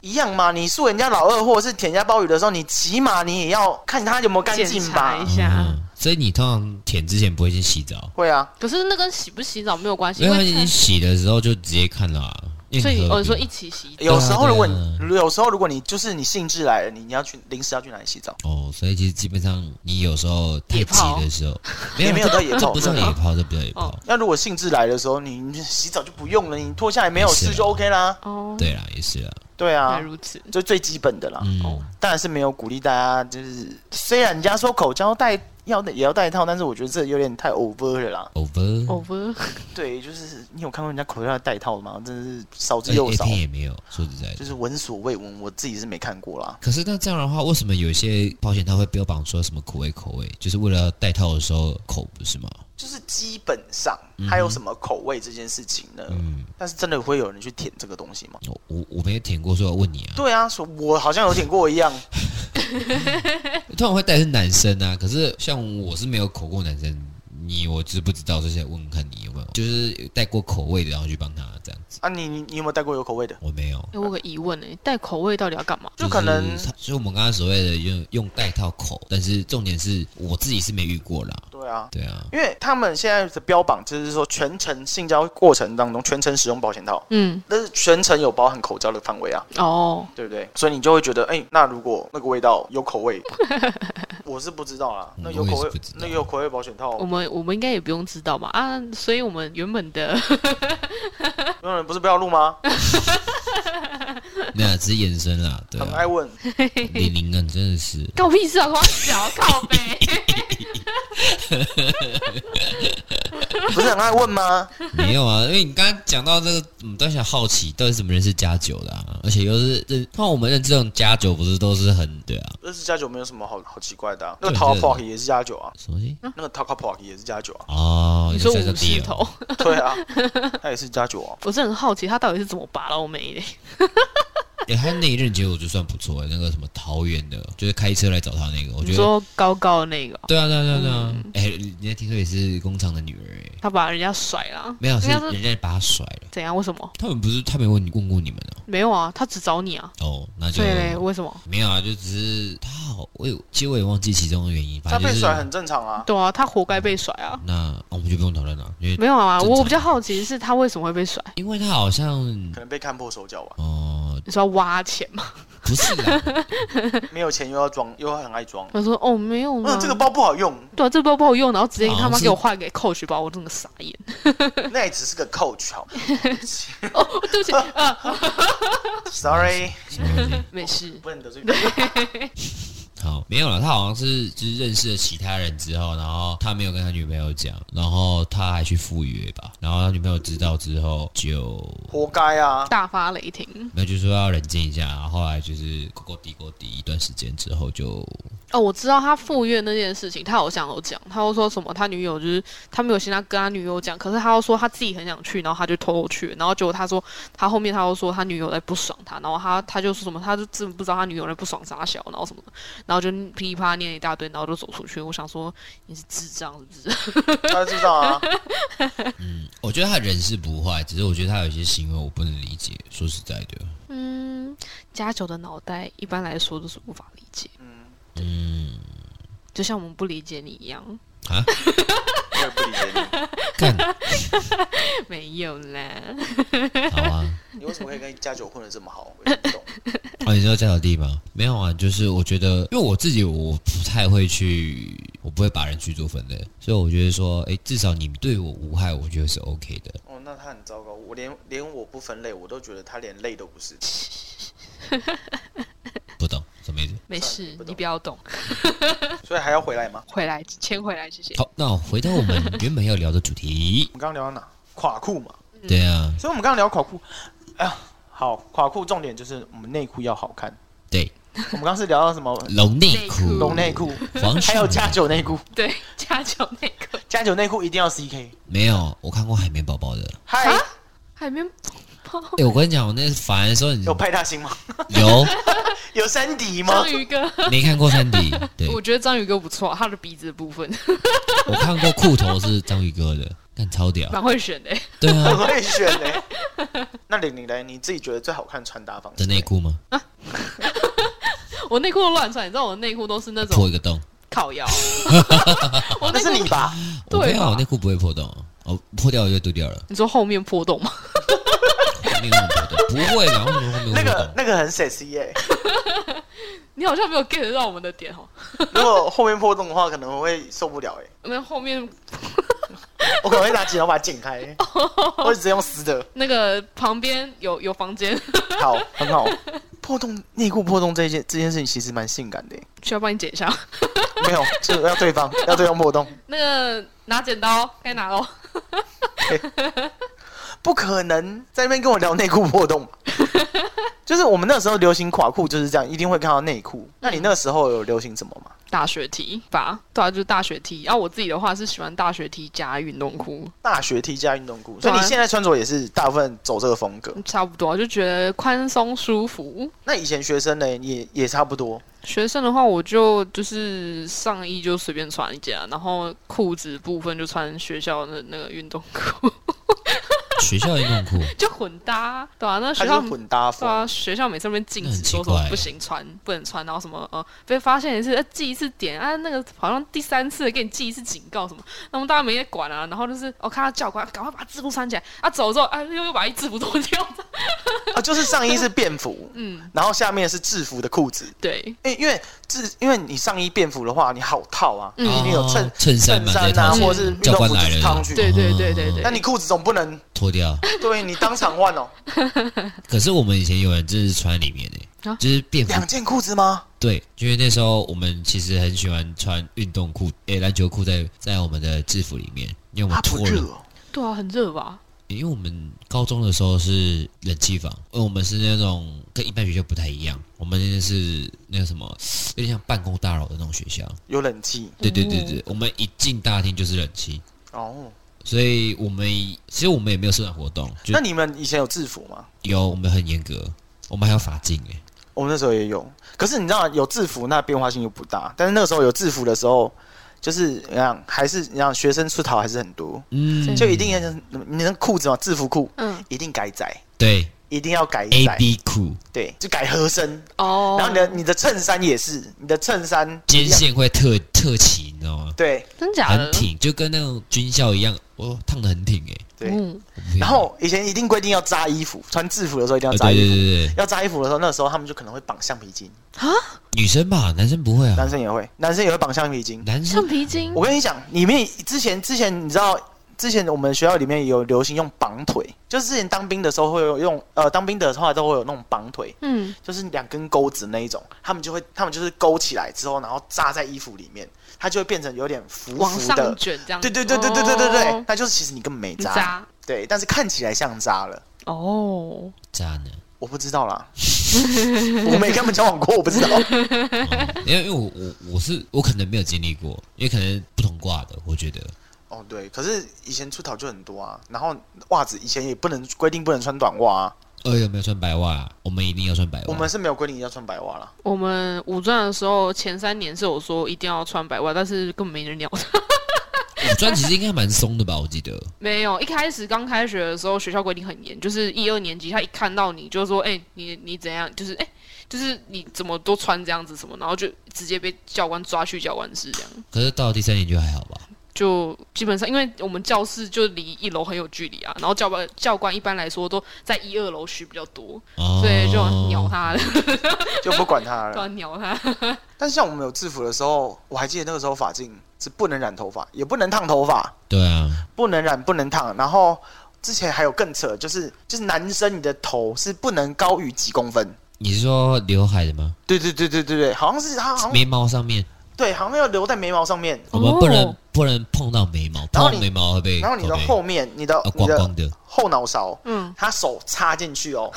一樣嘛？你素人家老二，或者是舔人家鮑魚的時候，你起碼你也要看它有沒有乾淨吧？一下、嗯，所以你通常舔之前不會先洗澡？會啊，可是那跟洗不洗澡沒有關係，因為你洗的時候就直接看了、啊。所以我說一起洗澡。有時候如果你、啊啊、有時候如果你就是你興致來了，你你要去臨時要去哪裡洗澡？哦，所以其實基本上你有時候太急的時候，沒有到 <laughs> 野泡，這 <laughs> 不算野泡，這、哦、不算野那、哦、如果興致來的時候，你洗澡就不用了，你脫下來沒有濕就 OK 啦。啊、哦，對啦、啊，也是啊，對啊，如此就最基本的啦。嗯，當然是沒有鼓勵大家，就是雖然人家說口交帶。要也要帶套，但是我覺得這有點太 over 了啦。over over <laughs> 對，就是你有看過人家口交要帶套的嗎？真的是少之又少。一天也沒有，說實在的、啊，就是聞所未聞。我自己是沒看過啦。可是那這樣的話，為什麼有些保險套會標榜說什麼口味口味，就是為了要帶套的時候口不是嗎？就是基本上還有什麼口味這件事情呢？嗯，但是真的會有人去舔這個東西嗎？我我我沒有舔過，所以要問你啊。對啊，說我好像有舔過一樣。 <laughs> 通常會帶是男生啊，可是像我是沒有口過男生。你我知不知道這些？問看你有沒有，就是帶過口味的，然後去幫他這樣子啊？你你有沒有帶過有口味的？我沒有、欸。我有個疑問呢，帶口味到底要幹嘛、就是？就可能，所以我們剛才所謂的用用帶套口，但是重點是，我自己是沒遇過啦。對啊，對啊，因為他們現在的標榜，就是說全程性交過程當中全程使用保險套，嗯，但是全程有包含口交的範圍啊，哦、oh.，對不對？所以你就會覺得，哎、欸，那如果那個味道有口味， <laughs> 我是不知道啦。嗯、那有口味，那個有口味保險套，我們。我我們應該也不用知道嘛啊，所以我們原本的原本不是不要錄嗎？那、 <laughs> <laughs> 嗯、只是延伸啦、嗯，對啊。很愛問李你、 <laughs> 啊、真的是搞屁事啊，我小 <laughs> 靠唄北。 <laughs> <laughs> 不是很愛問嗎？沒有啊，因為你剛剛講到這個，我們都想好奇，到底怎麼認識加九的？啊。而且又是認，那我們認這種加九，不是都是很對啊？認識加九沒有什麼好好奇怪的啊。的那個 Talker Park 也是加九啊，什麼意思、嗯？那個 Talker Park 也是加九啊？哦，你說武士頭,、啊、頭？對啊，他也是加九啊。 <laughs> 我是很好奇，他到底是怎麼把到妹的？ <laughs> 誒、 <laughs> 欸，他那一任結果就算不錯，那個什麼桃園的，就是開車來找他那個，我覺得說高高的那個，對啊對啊對啊對啊，誒、啊，人家、啊啊嗯欸，聽說也是工廠的女兒誒。他把人家甩了，沒有，是人家把他甩了。怎樣？為什麼？他們不是他沒問你問過你們的、啊？沒有啊，他只找你啊。哦，那就對，為什麼？沒有啊，就只是他好，我有，其實我也忘記其中的原因、就是。他被甩很正常啊。對啊，他活該被甩啊。那我們、哦、就不用討論了，因為沒有啊，我比較好奇的是他為什麼會被甩，因為他好像可能被看破手腳吧。哦，你說要挖錢嗎？不是， <laughs> 沒有錢又要裝，又要很愛裝。我說哦，沒有，嗯，這個包不好用。對啊，這個包不好用，然後直接他媽給我換給 Coach 包，我真的傻眼。 <laughs> 那也只是個 Coach 好嗎。 <laughs> <laughs> 哦，對不起、 <laughs> 啊、 <laughs> ，Sorry，沒事， <laughs> <laughs> <laughs> 不能得罪 <laughs> 好，沒有了。他好像是就是認識了其他人之後，然後他沒有跟他女朋友講，然後他還去赴約吧。然後他女朋友知道之後就活該啊，大發雷霆。那就是、說要冷靜一下。然後，後來就是過勾嘀勾嘀一段時間之後就哦，我知道他赴約那件事情，他好像有講，他又說什麼？他女友就是他沒有先他跟他女友講，可是他又說他自己很想去，然後他就偷偷去，然後結果他說他後面他又說他女友在不爽他，然後他他就說什麼？他就真不知道他女友在不爽啥小，然後什麼。然後就噼里啪啦念了一大堆，然後就走出去。我想說你是智障，是不是？他是智障啊。 <laughs> 嗯，我覺得他人是不壞，只是我覺得他有些行為我不能理解。說實在的，嗯，家酒的腦袋一般來說都是無法理解嗯。嗯，就像我們不理解你一樣。啊。 <laughs> 幹 <laughs> <laughs> <laughs> 沒有啦。 <laughs> 好啊，你為什麼可以跟家九混得這麼好？我不懂。啊，你知道家小弟嗎？沒有啊，就是我覺得，因為我自己我不太會去，我不會把人去做分類，所以我覺得說，哎、欸，至少你對我無害，我覺得是 OK 的。哦，那他很糟糕，我連連我不分類，我都覺得他連類都不是。 <laughs> 不懂。沒事，你不要懂。 <laughs> 所以還要回來嗎？回來，牽回來，謝謝。好，那回到我們原本要聊的主題。 <laughs> 我們剛剛聊到哪？垮褲嘛。對、嗯、啊。所以我們剛剛聊垮褲，哎呀，好，垮褲重點就是我們內褲要好看。對。 <laughs> 我們剛剛是聊到什麼？龍內褲。龍內褲。 <laughs> 還有加九內褲。對，加九內褲。加九內褲一定要 CK。沒有，我看過海綿寶寶的。嗨，海綿。哎、欸，我跟你講，我那煩的時候，有派大星嗎？有 <laughs> 有珊迪嗎？章魚哥沒 <laughs> 看過珊迪對，我覺得章魚哥不錯，他的鼻子的部分。 <laughs> 我看過褲頭是章魚哥的，但超屌，蠻會選的、欸、對啊，蠻會選的、欸、那玲玲呢？你自己覺得最好看穿搭方式？的內褲嗎？啊、 <laughs> 我內褲亂穿，你知道我的內褲都是那種破一個洞，靠腰。 <laughs> 我那是你吧？對有，對我內褲不會破洞，哦，破掉我就丟掉了。你說後面破洞嗎？ <music> <music> 不會的、那個， <music> 那個那個很 sexy 哎、欸 <music> 你好像沒有 get 到我們的點哦、喔。 <laughs> 如果後面破洞的話，可能會受不了哎、欸。那後面， <laughs> 我可能會拿剪刀把它剪開、欸， <laughs> 我一直用死的。 <laughs> 那個旁邊有有房間， <laughs> 好，很好。破洞內褲破洞這件這件事情其實蠻性感的、欸，需要幫你剪一下嗎？ <laughs> 沒有，是要對方要對方破洞、喔。那個拿剪刀該拿嘍。 <laughs> 欸不可能在那邊跟我聊內褲破洞， <laughs> 就是我們那時候流行垮褲就是這樣，一定會看到內褲。那你那時候有流行什麼嗎？大學 T 吧，對啊，就是大學 T。然後、啊，我自己的話是喜歡大學 T 加運動褲。大學 T 加運動褲，所以你現在穿着也是大部分走這個風格，啊、差不多就覺得寬鬆舒服。那以前學生呢，也也差不多。學生的話，我就就是上衣就隨便穿一件、啊，然後褲子部分就穿學校的那個運動褲。 <laughs> <laughs> 學校也很酷，就混搭、啊，對啊，那學校混搭，對啊。學校每次那邊禁止，說說不行穿，不能穿，然後什麼，呃，被發現一次，哎，記一次點啊。那個好像第三次給你記一次警告什麼。那麼大家沒得管啊，然後就是、哦，我看到教官，趕快把制服穿起來。啊，走了之後，哎，又又把衣服脫掉。啊，就是上衣是便服，嗯，然後下面是制服的褲子。對、欸，因因為制，因為你上衣便服的話，你好套啊，嗯，你有襯襯、哦、衫、衫啊，或者是運動服的湯裙。對對對對對，那你褲子總不能對你當場換哦。可是我們以前有人就是穿裡面哎、啊，就是變兩件褲子嗎？對，因為那時候我們其實很喜歡穿運動褲，哎、欸，籃球褲在在我們的制服裡面，因為我們脫熱，對啊，很熱吧？因為我們高中的時候是冷氣房，而我們是那種跟一般學校不太一樣，我們那是那個什麼，有點像辦公大樓的那種學校，有冷氣。對對對對、對，我們一進大廳就是冷氣。哦。所以，我們其實我們也沒有社團活動。那你們以前有制服嗎？有，我們很嚴格，我們還要髮禁哎、欸。我們那時候也有，可是你知道，有制服那變化性又不大。但是那個時候有制服的時候，就是你看，還是你看學生出逃還是很多。嗯，就一定要你的褲子嘛，制服褲，嗯，一定改窄，對，一定要改 A B 褲，對，就改合身哦。Oh. 然後你的你的襯衫也是，你的襯衫肩線會特特齊。你知道嗎？對，真假很挺，就跟那種軍校一樣。哦，燙的很挺，欸，哎，對。嗯，然後以前一定規定要扎衣服，穿制服的時候一定要扎衣服。啊、對，對對對，要扎衣服的時候，那時候他們就可能會綁橡皮筋啊。女生吧，男生不會啊，男生也會，男生也會綁橡皮筋。男生橡皮筋，我跟你講，你們之前之前你知道，之前我們學校裡面有流行用綁腿，就是之前當兵的時候會有用，呃，當兵的話都會有那種綁腿，嗯，就是兩根鈎子那一種，他們就會他們就是勾起來之後，然後扎在衣服裡面。它就會變成有點浮浮的捲這樣。對，對對對對對對對對，那、哦、就是其實你根本沒紮，對，但是看起來像紮了哦，紮呢？我不知道啦， <laughs> 我沒跟他們交往過，我不知道，因、嗯、為因為我我我是我可能沒有經歷過，也可能不同掛的，我覺得哦，對，可是以前出逃，就很多啊，然後襪子以前也不能規定不能穿短襪啊。呃、哎，有沒有穿白襪，我們一定要穿白襪。我們是沒有規定要穿白襪啦。我們五專的時候，前三年是有說一定要穿白襪，但是根本沒人鳥。五專 <laughs> 其實應該蠻鬆的吧？我記得 <laughs> 沒有。一開始剛開學的時候，學校規定很嚴，就是一二年級，他一看到你就說：“哎、欸，你你怎樣？就是哎、欸，就是你怎麼都穿這樣子什麼？”然後就直接被教官抓去教官室這樣。可是到了第三年就還好吧？就基本上，因為我們教室就離一樓很有距離啊，然後教官教官一般來說都在一二樓許比較多，哦、所以就鳥他了，就不管他了，管鳥他。但是像我們有制服的時候，我還記得那個時候，髮禁是不能染頭髮，也不能燙頭髮。對啊，不能染，不能燙。然後之前還有更扯，就是就是男生你的頭是不能高於幾公分。你是說劉海的嗎？對對對對對對，好像是他眉毛上面。對，好像要留在眉毛上面。我們不能不能碰到眉毛，你碰到眉毛會被。然後你的後面，你的，光光的，你的後腦勺，嗯，他手插進去哦，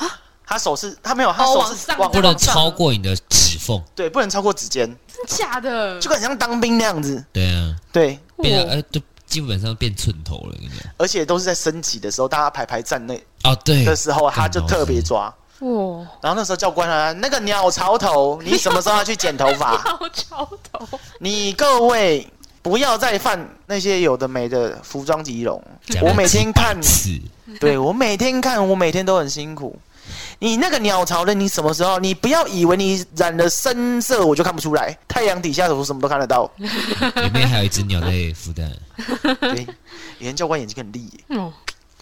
他手是，他沒有，他手是往上往上不能超過你的指縫， <laughs> 對，不能超過指尖，真假的？就感覺像當兵那樣子。對啊，對，變哎，都、呃、基本上變寸頭了，而且都是在升級的時候，大家排排站內啊對的時候，他就特別抓。然後那時候教官啊，那個鳥巢頭，你什麼時候要去剪頭髮？ <laughs> 鳥巢頭，你各位不要再犯那些有的沒的服裝儀容。我每天看，對我每天看，我每天都很辛苦。 <laughs> 你那個鳥巢的，你什麼時候？你不要以為你染了深色我就看不出來，太陽底下我什麼都看得到。 <laughs> 裡面還有一隻鳥在孵蛋。 <laughs> 對，以前教官眼睛很利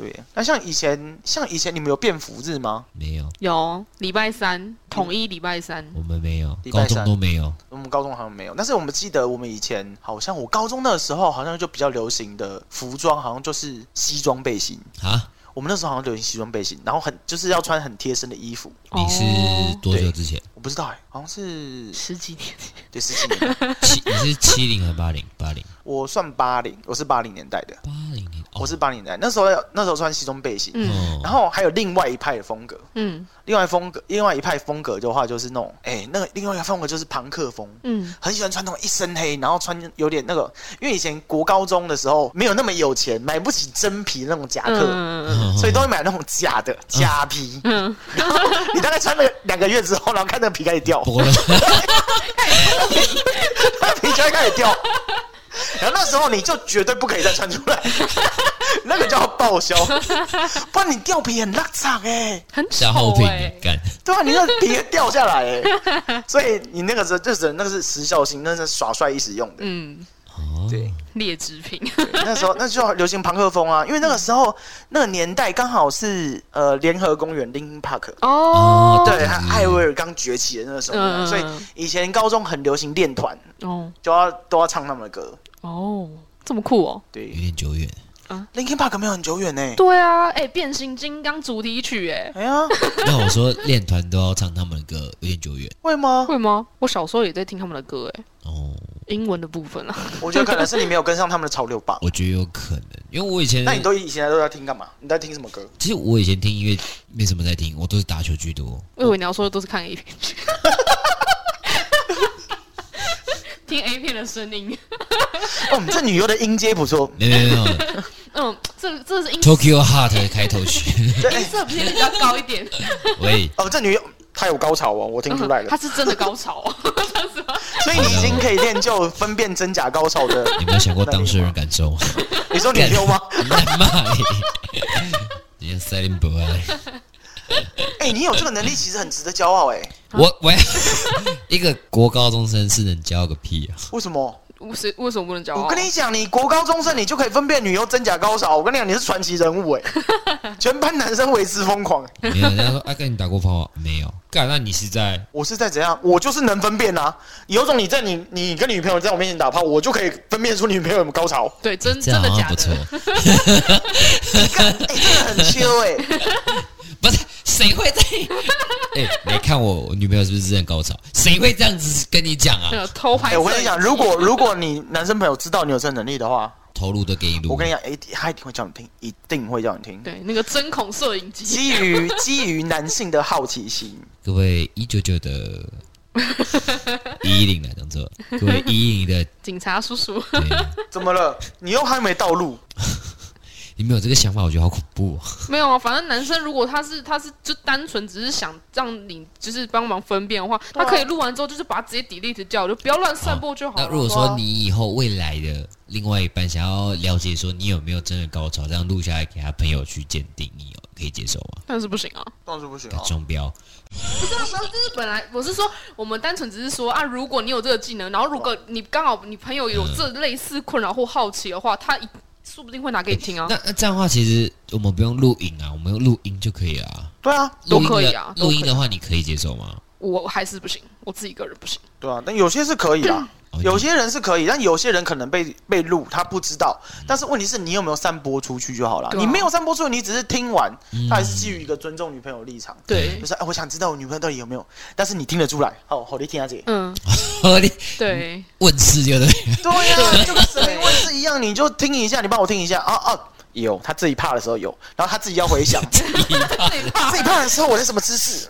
對，那像以前，像以前你們有便服日嗎？沒有。有禮拜三統一禮拜三、嗯。我們沒有禮拜三，高中都沒有。我們高中好像沒有。但是我們記得，我們以前好像我高中那時候好像就比較流行的服裝，好像就是西裝背心。啊。我們那時候好像流行西裝背心，然後很就是要穿很貼身的衣服。你是多久之前？我不知道哎、欸，好像是十幾年，對，十幾年 <laughs> 七。你是七零和八零？八零。我算八零，我是八零年代的。八零。我是八零年代，那時候有那時候穿西裝背心，嗯，然後還有另外一派的風格，嗯，另外風格，另外一派風格的話就是那種，哎、欸，那個另外一個風格就是龐克風，嗯，很喜歡穿那種一身黑，然後穿有點那個，因為以前國高中的時候沒有那麼有錢，買不起真皮那種夾克，嗯嗯，嗯，嗯所以都會買那種假的假皮，嗯，你大概穿了兩個月之後，然後看那個皮開始掉 <laughs> <laughs> <laughs> <laughs> <laughs> <laughs> 皮皮開始掉。然、啊、後那時候你就絕對不可以再穿出來， <laughs> <laughs> 那個叫報銷。 <laughs> 不然，你掉皮很拉長哎，很醜哎、欸。對啊，你那皮掉下來哎、欸， <laughs> 所以你那個時候就是那個是時效性，那是耍帥一時用的。嗯，哦、對，劣質品 <laughs> 。那時候那就流行朋克風啊，因為那個時候、嗯、那個年代剛好是呃聯合公園 Linkin Park 哦，對，他艾薇兒剛崛起的那時候、啊嗯，所以以前高中很流行練團哦，就要都要唱他們的歌。哦、oh，這麼酷哦、喔！對，有點久遠。啊、嗯、，Linkin Park 沒有很久遠呢、欸。對啊，哎、欸，變形金剛主題曲、欸，哎，哎呀，那 <laughs> 我說練團都要唱他們的歌，有點久遠，會嗎？會嗎？我小時候也在聽他們的歌、欸，哎，哦，英文的部分啊，我覺得可能是你沒有跟上他們的潮流吧。 <laughs> 我覺得有可能，因為我以前，那你都以前都在聽幹嘛？你在聽什麼歌？其實我以前聽音樂沒什麼在聽，我都是打球居多。我以為你要說都是看 A 片。 <laughs> 聽 A 片的聲音，哦，這女優的音階不錯。沒有沒有，嗯，這這是音 Tokyo Heart 的開頭曲，哎，這、欸、比較高一點。可、呃、哦，這女優她有高潮哦，我聽出來了、嗯。她是真的高潮、哦。 <laughs> 所以你已經可以練就分辨真假高潮的。你有沒有想過當事人感受？ <laughs> 你說女優嗎？在罵你。你塞林博。哎、欸，你有這個能力，其實很值得驕傲哎、欸。我喂，一個國高中生是能驕傲個屁啊？為什麼？為什為什麼不能驕傲？我跟你講，你國高中生你就可以分辨女友真假高潮。我跟你講，你是傳奇人物哎、欸， <laughs> 全班男生為之瘋狂、欸。沒有，人家說，愛、啊、跟你打過炮沒有？幹，那你是在？我是在怎樣？我就是能分辨啊。有種你在你你跟你女朋友在我面前打炮，我就可以分辨出你女朋友有沒有高潮，對，真的假、欸、不錯。的 <laughs> 你看，哎、欸，真的很 Q 哎、欸。 <laughs> 誰會這樣？哎、欸，來、欸、看我女朋友是不是正在高潮？誰會這樣子跟你講啊？偷拍、欸！我跟你講，如果如果你男生朋友知道你有這能力的話，偷錄的給你錄。我跟你講，哎、欸，他一定會叫你聽，一定會叫你聽。對，那個針孔攝影機，基於基於男性的好奇心。各位一九九的，一零的，等着。各位一零的警察叔叔，怎麼了？你又還沒到路。 <laughs> 你沒有這個想法，我覺得好恐怖，哦。沒有啊，反正男生如果他是他是就單純只是想讓你就是幫忙分辨的話，啊，他可以錄完之後就是把他直接 delete 掉，就不要亂散布就好了，哦。那如果說你以後未來的另外一半想要了解說你有沒有真的高潮，這樣錄下來給他朋友去鑑定，你有可以接受嗎？但是不行啊，但是不行啊。中標。不是，啊不是，就是本來我是說，我們單純只是說啊，如果你有這個技能，然後如果你剛好你朋友有這類似困擾或好奇的話，他一。說不定會拿給你聽哦、啊欸。那那這樣的話，其實我們不用錄影啊，我們用錄音就可以了、啊。對啊，都可以啊。錄音的話，你可以接受嗎？我還是不行，我自己一個人不行。對啊，但有些是可以啦，嗯、有些人是可以，但有些人可能被被錄，他不知道。但是問題是你有沒有散播出去就好了、嗯。你沒有散播出去，你只是聽完，他還是基於一個尊重女朋友的立場。對、嗯，就是哎、欸，我想知道我女朋友到底有沒有，但是你聽得出來。好，好，你聽一下這個。嗯，好，你對問事就對。對呀、啊，就跟神明問事一樣，你就聽一下，你幫我聽一下啊啊。啊有，他自己怕的時候有，然後他自己要回想。 <laughs> 自己怕、啊，自己怕的時候，我在什麼姿勢？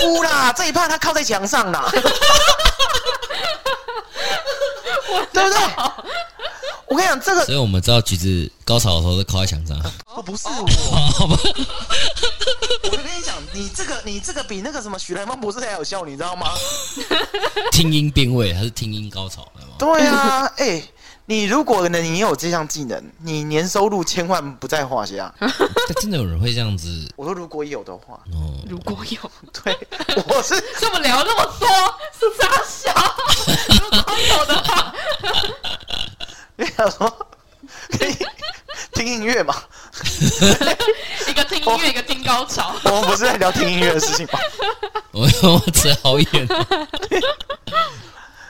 烏、 <laughs> 啊 <laughs> 啊、啦，這一趴他靠在牆上啦。 <laughs> <laughs> 對不對我？我跟你講，這個，所以我們知道橘子高潮的時候都靠在牆上、呃。哦，不是我。好、哦、吧。 <laughs> <laughs> 我就跟你講，你這個，你這個比那個什麼許藍方博士還好笑，你知道嗎？ <laughs> 聽音辨位它，是聽音高潮？對啊，哎、 <laughs> 欸。你如果呢？你也有這項技能，你年收入千萬不在話下。 <laughs> 真的有人會這樣子？我說如果有的話，如果有，對，我是這麼聊那麼多，是三小 <laughs> 如果有的話， <laughs> 你想說可以聽，聽音樂嗎？ <laughs> <laughs> 一個聽音樂， <laughs> 一個聽音樂 <laughs> 一個聽高潮。 <laughs> 我們不是在聊聽音樂的事情嗎？我說我扯好遠、啊。 <laughs>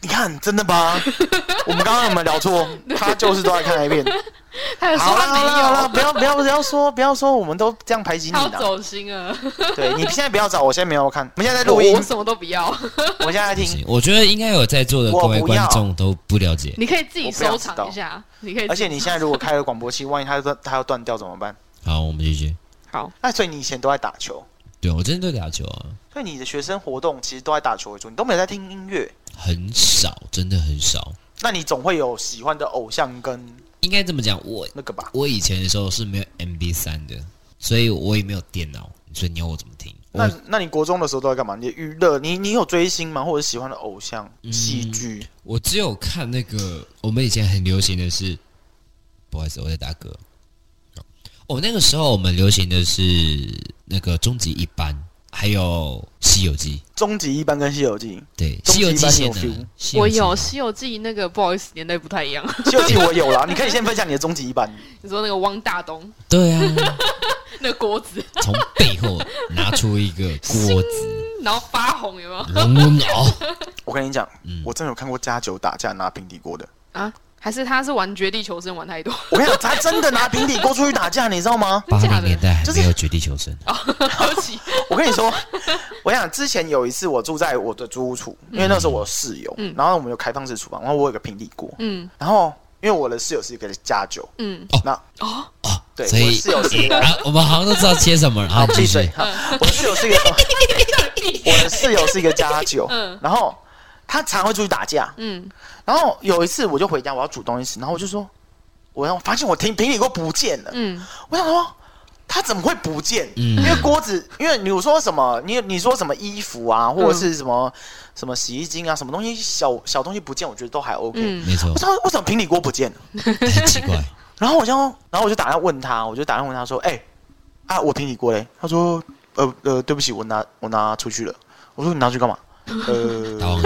你看，真的吧？ <laughs> 我們剛剛有沒有聊錯？ <laughs> 他就是都在看 A 片。好了，好了，不要不要不要說，不要說，我們都這樣排擠你的啊。走心啊！對你現在不要找我，現在沒有看，我們現在在錄音我，我什麼都不要。 <laughs> 我現在在聽，我覺得應該有在座的各位觀眾都不了解不、啊，你可以自己收藏，藏一下。而且你現在如果開了廣播器，萬一他他要斷掉怎麼辦？好，我們繼續。好，那所以你以前都在打球？對，我真的在打球啊。所以你的學生活動其實都在打球為主，你都沒有在聽音樂。很少，真的很少。那你總會有喜歡的偶像跟……應該這麼講？我那個吧，我以前的時候是沒有 MP 三的，所以我也沒有電腦，所以你要我怎麼聽？那……那你國中的時候都在幹嘛？你的娛樂，你你有追星嗎？或者喜歡的偶像？戲劇？嗯，我只有看那個，我們以前很流行的是，不好意思，我在打嗝。哦，oh，那個時候我們流行的是那個終極一班。還有西《西遊記》終極一班跟《西遊記》對，一班西《西遊記》有、Q，我有《西遊記》那個不好意思，年代不太一樣，《西遊記》我有啦。 <laughs> 你可以先分享你的終極一班。你說那個汪大東，對啊， <laughs> 那個鍋子從背後拿出一個鍋子，然後發紅有沒有？哦、我跟你講、嗯，我真的有看過加酒打架拿平底鍋的啊。還是他是玩絕地求生玩太多。我跟你講，他真的拿平底鍋出去打架，你知道嗎？八十年代還沒有絕地求生。好、就、奇、是，我跟你說，我想之前有一次我住在我的租屋處，因為那時候我有室友，嗯，然後我們有開放式廚房，然後我有一個平底鍋，嗯，然後因為我的室友是一個家酒，嗯，哦，那哦哦，對，喔、所以我的室友是一個、欸啊，我們好像都知道切什麼， <laughs> 啊，就是，啊、我室友是一個， <laughs> 我的室友是一個家酒，嗯，然後他常會出去打架，嗯。然後有一次我就回家，我要煮東西吃。然後我就說，我發現我平平底鍋不見了。嗯，我想說，他怎麼會不見？嗯，因為鍋子，因為你說什麼，你你說什麼衣服啊，或者是什麼、嗯、什麼洗衣精啊，什麼東西小小東西不見，我覺得都還 OK。嗯，沒錯。我為什麼為什麼平底鍋不見了？奇怪。然後我就然後我就打電話問他，我就打電話問他說：“哎、欸、啊，我平底鍋嘞？”他說：“呃呃，對不起，我拿我拿出去了。”我說：“你拿去幹嘛？”呃，呃，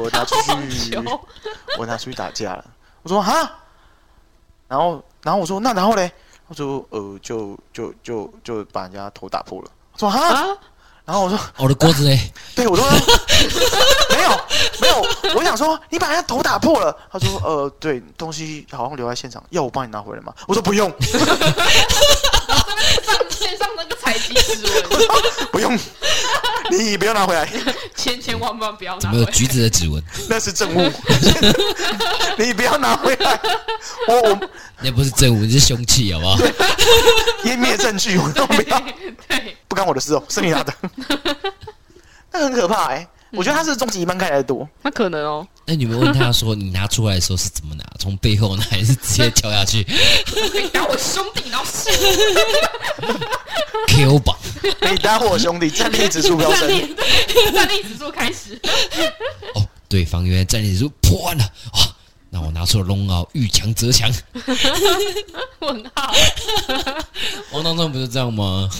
我拿出去，我拿出去打架了。我說哈，然後然後我說那然後嘞，我說呃就就就就把人家頭打破了。我說哈。然後我說：“我、哦啊、的鍋子呢？」對，我說：“ <laughs> 沒有，沒有。”我想說：“你把人家頭打破了。”他說：“呃，對，東西好像留在現場，要我幫你拿回來嗎？”我說：“不用。 <laughs> <laughs> 那上” <laughs> 上線上那個採集指紋 <laughs> 我說，不用。你不要拿回來，千千萬萬不要拿回來。怎麼有橘子的指紋？ <laughs> 那是證物。 <laughs> 你不要拿回來，我。我那不是證物那是凶器，好不好？對，湮滅證據，我都沒有。對，不關我的事哦，是你拿的。 <laughs> 那很可怕哎、欸，我覺得他是終極一班開來的多、嗯，那可能哦。那你們問他說，你拿出來的時候是怎麼拿？從背後拿還是直接跳下去？你可以打我兄弟，然後是 KO 可你打我兄弟，戰力指數飆升。戰力指數開始。哦，對方原來戰力指數破萬了，哇、哦！那我拿出了龍傲，遇強則強。我拿，汪東城不是這樣嗎？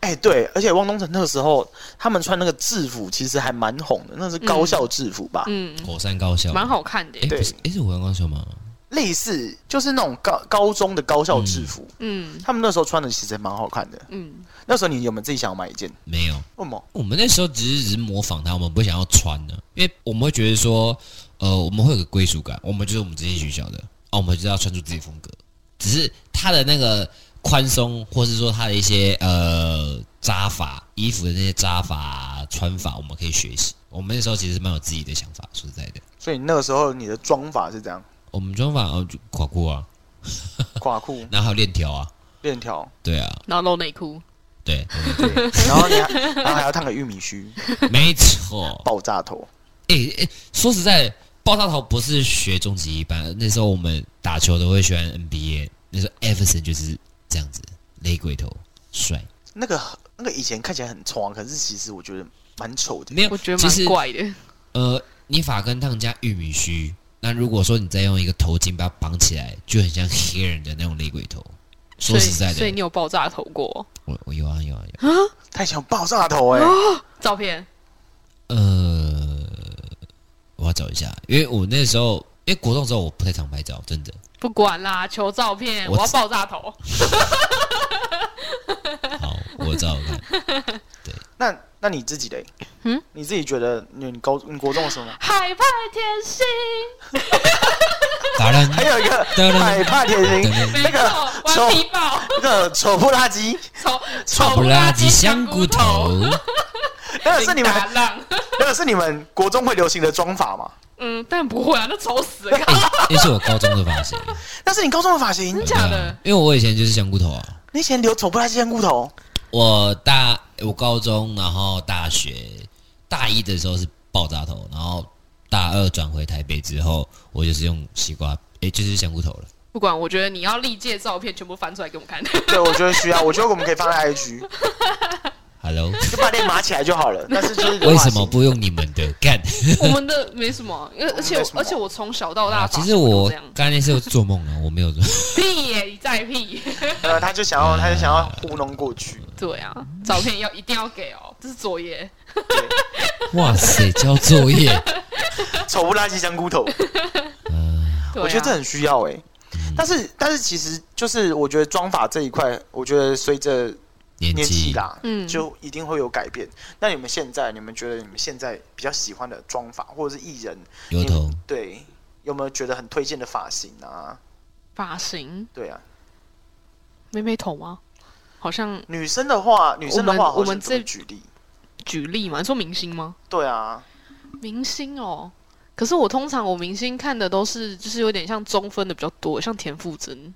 哎、欸，對，而且汪東城那個時候他們穿那個制服其實還蠻紅的，那是高校制服吧？嗯，嗯，火山高校，蠻好看的。對、欸，哎是、欸、是火山高校嗎？類似就是那種高高中的高校制服。嗯，他們那時候穿的其實蠻好看的。嗯，那時候你有沒有自己想要買一件？沒有。為什麼？我們那時候只是只是模仿他，我們不想要穿的，因為我們會覺得說。呃，我們會有個歸屬感，我們就是我們自己學校的，哦、啊，我們就是要穿出自己風格。只是他的那個寬鬆，或是說他的一些呃紮法，衣服的那些紮法穿法，我們可以學習。我們那時候其實是蠻有自己的想法，說實在的。所以那個時候你的妝髮是怎樣？我們妝髮啊，呃、垮褲啊， <laughs> 垮褲，然後還有鏈條啊，鏈條，對啊，然後露內褲，對， <laughs> 然後呢，然後還要燙個玉米鬚，沒錯，爆炸頭。誒、欸、誒、欸，說實在的。爆炸頭不是學終極一班，那時候我們打球都會喜歡 NBA。那時候艾弗森就是這樣子，雷鬼頭帥。那個那個以前看起來很狂，可是其實我覺得蠻醜的。沒有，我覺得蠻怪的。呃，你髮根燙加玉米須，那如果說你再用一個頭巾把它綁起來，就很像黑人的那種雷鬼頭。說實在的，所以，所以你有爆炸頭過？我我有啊有啊有啊！有啊啊太喜爆炸頭哎、欸啊！照片？呃。我要找一下，因為我那時候，因為國中的時候我不太常拍照，真的。不管啦，求照片，我，我要爆炸頭。 <laughs> 好，我找。對。那那你自己的？嗯，你自己覺得你，你高你國中什麼？海派甜心。 <laughs> 打浪。還有一個海派甜心，那個醜，那個醜不拉幾，醜不拉幾，香菇頭。 <laughs> 那個是你們打這是你們國中會流行的妝法嗎？嗯，但不會啊，那醜死了。那、 <laughs> 欸欸、是我高中的髮型，但 <laughs> 是你高中的髮型？講、啊、的？因為我以前就是香菇頭啊。你以前留醜不拉幾香菇頭？我大我高中，然後大學大一的時候是爆炸頭，然後大二轉回台北之後，我就是用西瓜，哎、欸，就是香菇頭了。不管，我覺得你要歷屆照片全部翻出來給我們看。對，我覺得需要。我覺得我們可以放在 IG。 <laughs> Hello，就把臉麻起來就好了。但是就是 <laughs> 為什麼不用你們的幹 <laughs> ？我們的沒什麼，因為而且而且我從小到大其實我剛才那時候做夢了， <laughs> 我沒有做屁耶，你在屁耶。呃，他就想要，他就想要糊弄過去、啊。對啊，照片要一定要給哦，這是作業。對哇塞，交作業， <laughs> 醜不拉幾香菇頭。嗯、呃啊，我覺得這很需要哎、欸嗯，但是但是其實就是我覺得妝髮這一塊，我覺得隨着。年紀啦，嗯，就一定會有改變。那你們現在，你們覺得你們現在比較喜歡的妝法或者是藝人，油頭。對，有沒有覺得很推薦的髮型啊？髮型對啊，美妹，妹頭嗎？好像女生的話，女生的話我，我們這舉例舉例嘛？你說明星嗎？對啊，明星哦、喔。可是我通常我明星看的都是，就是有點像中分的比較多，像田馥甄。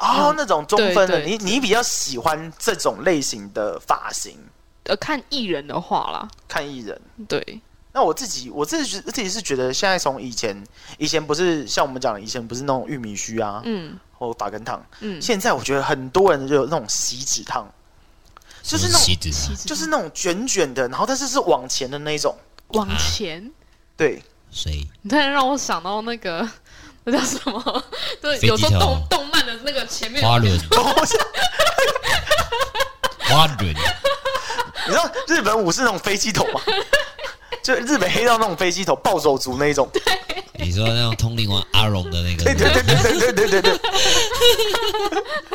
哦，那種中分的，嗯、你你比較喜歡這種類型的髮型？呃，看藝人的話啦，看藝人。對，那我自己，我自己我自己是覺得，現在從以前，以前不是像我們講的，以前不是那種玉米鬚啊，嗯，或髮根燙，嗯，現在我覺得很多人就有那種錫紙燙，就是那種錫紙，就是那種捲捲的，然後但是是往前的那種，往前。對，所以，你突然讓我想到那個。那叫什麼？對、就是，有動動漫的那個前面。花輪。 <laughs> 花輪。你知道日本武士那種飛機頭嗎？ <laughs> 就日本黑道那種飛機頭，暴走族那一種。你說那種通靈王阿龍的那個是是？對對對對對對對對，對。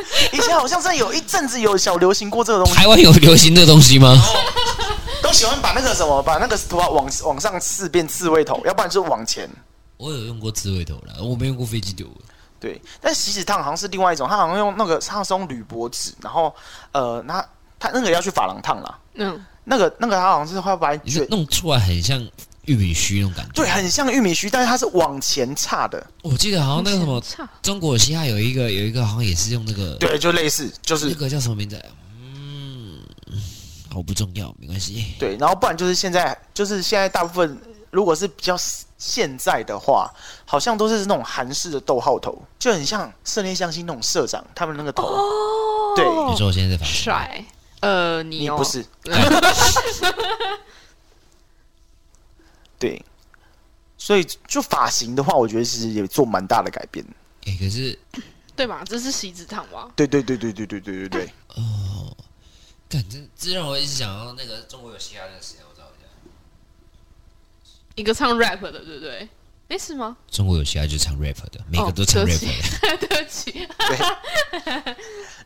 <laughs> 以前好像真的有一陣子有小流行過這個東西。台灣有流行這東西嗎？哦？都喜歡把那個什麼，把那個頭髮往往上刺變刺蝟頭， <laughs> 要不然就往前。我有用過刺蝟頭了我沒用過飛機頭。對，但錫紙燙好像是另外一種，它好像用那個，它是用鋁箔紙，然後呃，那它，它那個要去髮廊燙了。嗯，那個那個它好像是會把你你弄出來很像玉米須那種感覺。對，很像玉米須，但是它是往前岔的。我記得好像那個什麼中國有嘻哈，有一個有一個好像也是用那個。對，就類似，就是那個叫什麼名字？嗯，好不重要，沒關係。對，然後不然就是現在，就是現在大部分如果是比較。現在的話，好像都是那種韓式的逗號頭，就很像《社內相親》那種社長他們那個頭。哦。對，你說我現在髮型。帥。呃你、哦，你不是。 <laughs> <laughs> <laughs> 對，所以就髮型的話，我覺得其實也做蠻大的改變。誒、欸，可是，對吧？這是錫紙燙吧？對對對對對對對對對,對,對、欸。哦、呃，反正之前我一直想要那個中國有嘻哈的時間。一個唱 rap 的，對不對、欸？是嗎？中國有嘻哈就唱 rap 的，每個都唱 rap。Oh, 對，不 <laughs> 對不起，對。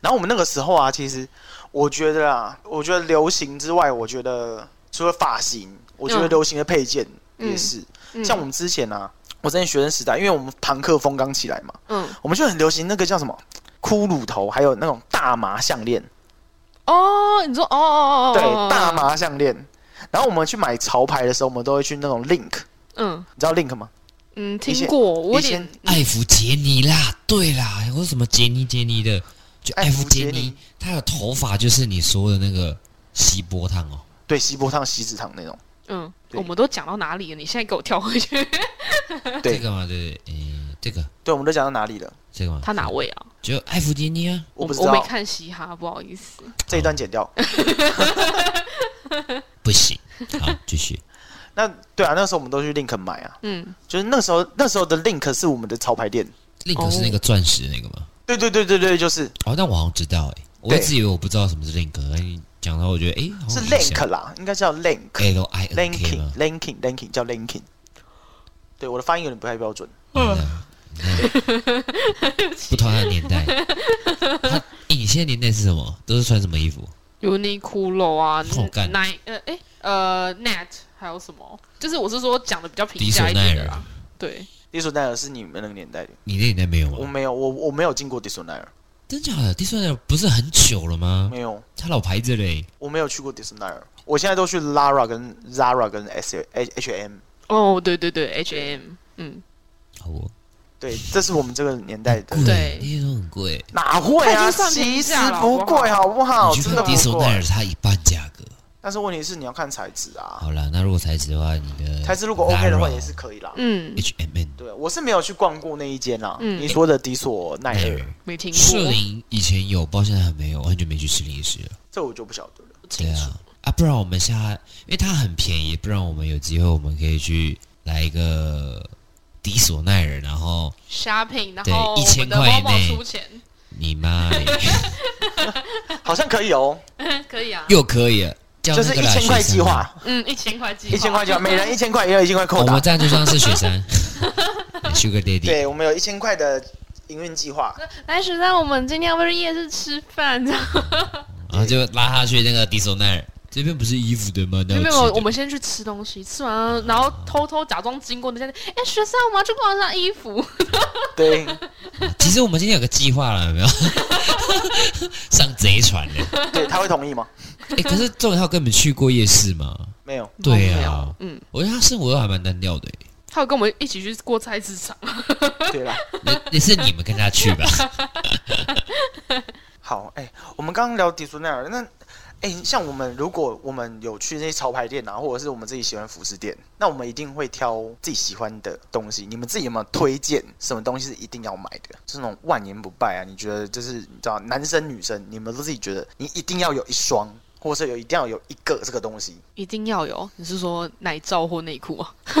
然後我們那個時候啊，其實我覺得啊，我覺得流行之外，我覺得除了髮型，我覺得流行的配件也是。嗯嗯嗯、像我們之前啊，我之前學生時代，因為我們龐克風剛起來嘛，嗯，我們就很流行那個叫什麼骷髏頭，還有那種大麻項鏈。哦、oh,，你說哦哦哦哦，對，大麻項鏈。然後我們去買潮牌的時候，我們都會去那種 Link。嗯，你知道 Link 嗎？嗯，聽過。以前艾福杰尼啦。對啦，我有什麼杰尼，杰尼的？就艾福，艾福杰尼。他的頭髮就是你說的那個錫箔燙哦。對，錫箔燙，錫紙燙那種。嗯，我們都講到哪裡了？你現在給我跳回去。對對這個嗎？對對，嗯、呃，這個。對，我們都講到哪裡了？這個嗎？他哪位啊？就艾福杰尼啊，我不知道，我沒看嘻哈，不好意思。哦、這一段剪掉。 <laughs> <laughs> <laughs> 不行，好，繼續。那對啊，那時候我們都去 Link 買啊。嗯，就是那時候，那時候的 Link 是我們的潮牌店。Link 是那個鑽石那個嗎？Oh. 對對對對對，就是。哦、oh,，那我好像知道哎、欸，我一直以為我不知道什麼是 Link，講、欸、到我覺得哎、欸，是 Link 啦，應該叫 Link。Linking，Linking，Linking，叫 Linking。對，我的發音有點不太標準。嗯、oh, <laughs> 不同的年代。他以前年代是什麼？都是穿什麼衣服？Uniqlo 啊，哪呃誒、欸，呃 Net 還有什麼？就是我是說講的比較平價一點的。對 Dissonaire 是你們那個年代的，你那年代沒有嗎、啊？我沒有，我我沒有進過 Dissonaire。真假的 Dissonaire 不是很久了嗎？沒有，它老牌子嘞。我沒有去過 Dissonaire 我現在都去 Lara 跟 Zara 跟 S H H M。哦、oh,，對對對，H M，嗯，好、oh.。對，這是我們這個年代的，對貴，那些都很貴，哪會啊？其實不貴，好不好？你去的迪索奈爾是它一半價格。但是問題是你要看材質啊。好了，那如果材質的話，你的、Lara、材質如果 OK 的話，也是可以啦。嗯，H M N。對，我是沒有去逛過那一間啦、嗯。你說的迪索奈爾沒聽過。樹林以前有包，不現在還沒有，很久沒去吃零食了。這我就不曉得了，了。對啊，啊，不然我們現在，因為它很便宜，不然我們有機會，我們可以去來一個。迪索奈爾，然後 shopping，然後對，一千塊以內出錢，你媽 <laughs> 好像可以哦，可以啊，又可以了，個就是一千塊計劃，嗯，一千塊計劃，一千塊計劃，每人一千塊，也有一千塊扣打 <laughs> 我 <laughs> <laughs> yeah。我們贊助商是雪山，Sugar Daddy，對我們有一千塊的營運計劃。來，雪山，我們今天要不要去夜市吃飯？然後就拉他去那個迪索奈爾。這邊不是衣服的嗎？那有沒有？我們先去吃東西，吃完，嗯、然後偷偷假裝經過那家店。哎、嗯，欸，學生我們要去逛一下衣服。對、啊，其實我們今天有個計劃了，有沒有？ <laughs> <laughs> 上賊船呢？對，他會同意嗎？哎、欸，可是重點他有跟你們去過夜市嗎？沒有。對啊。嗯，我覺得他生活都還蠻單調的，欸。他有跟我們一起去過菜市場。 <laughs> 對了，那那是你們跟他去吧 <laughs> 好，哎、欸，我們剛剛聊迪索奈爾，那。哎、欸，像我們，如果我們有去那些潮牌店啊，或者是我們自己喜歡服飾店，那我們一定會挑自己喜歡的東西。你們自己有沒有推薦什麼東西是一定要買的？就是那種萬年不敗啊？你覺得就是你知道男生女生，你們都自己覺得你一定要有一雙，或者是有一定要有一個這個東西，一定要有？你是說奶罩或內褲啊， <laughs> <laughs> 啊，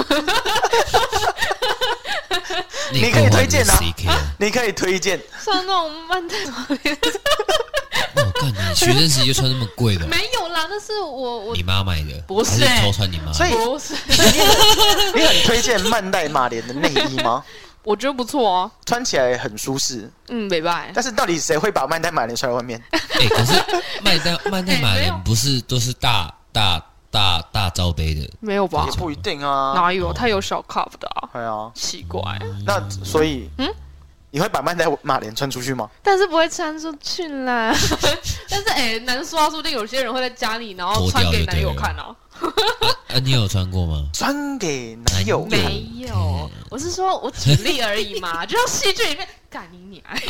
啊？你可以推薦啊，你可以推薦，像那種萬 <laughs> 學生時就穿那麼貴的、啊？沒有啦，那是我我你媽買的，不是,是偷穿你媽。所以你, <laughs> 你很推薦曼黛瑪璉的內衣嗎？ <laughs> 我覺得不錯啊，穿起來很舒適。嗯，沒辦法。但是到底誰會把曼黛瑪璉穿在外面？哎、欸，可是曼黛曼黛瑪璉不是、欸、都是大大大大罩杯的？沒有吧？也不一定啊，哪有？它有小 cup 的啊、哦？對啊，奇怪、嗯。那所以嗯。你會把曼代馬蓮穿出去嗎？但是不會穿出去啦。 <laughs> 但是哎，難、欸、說啊，說不定有些人會在家裡，然後穿給男友看哦、喔。呃、 <laughs> 啊啊，你有穿過嗎？穿給男友？看？沒有、嗯，我是說我舉例而已嘛， <laughs> 就像戲劇裡面，敢迎你愛。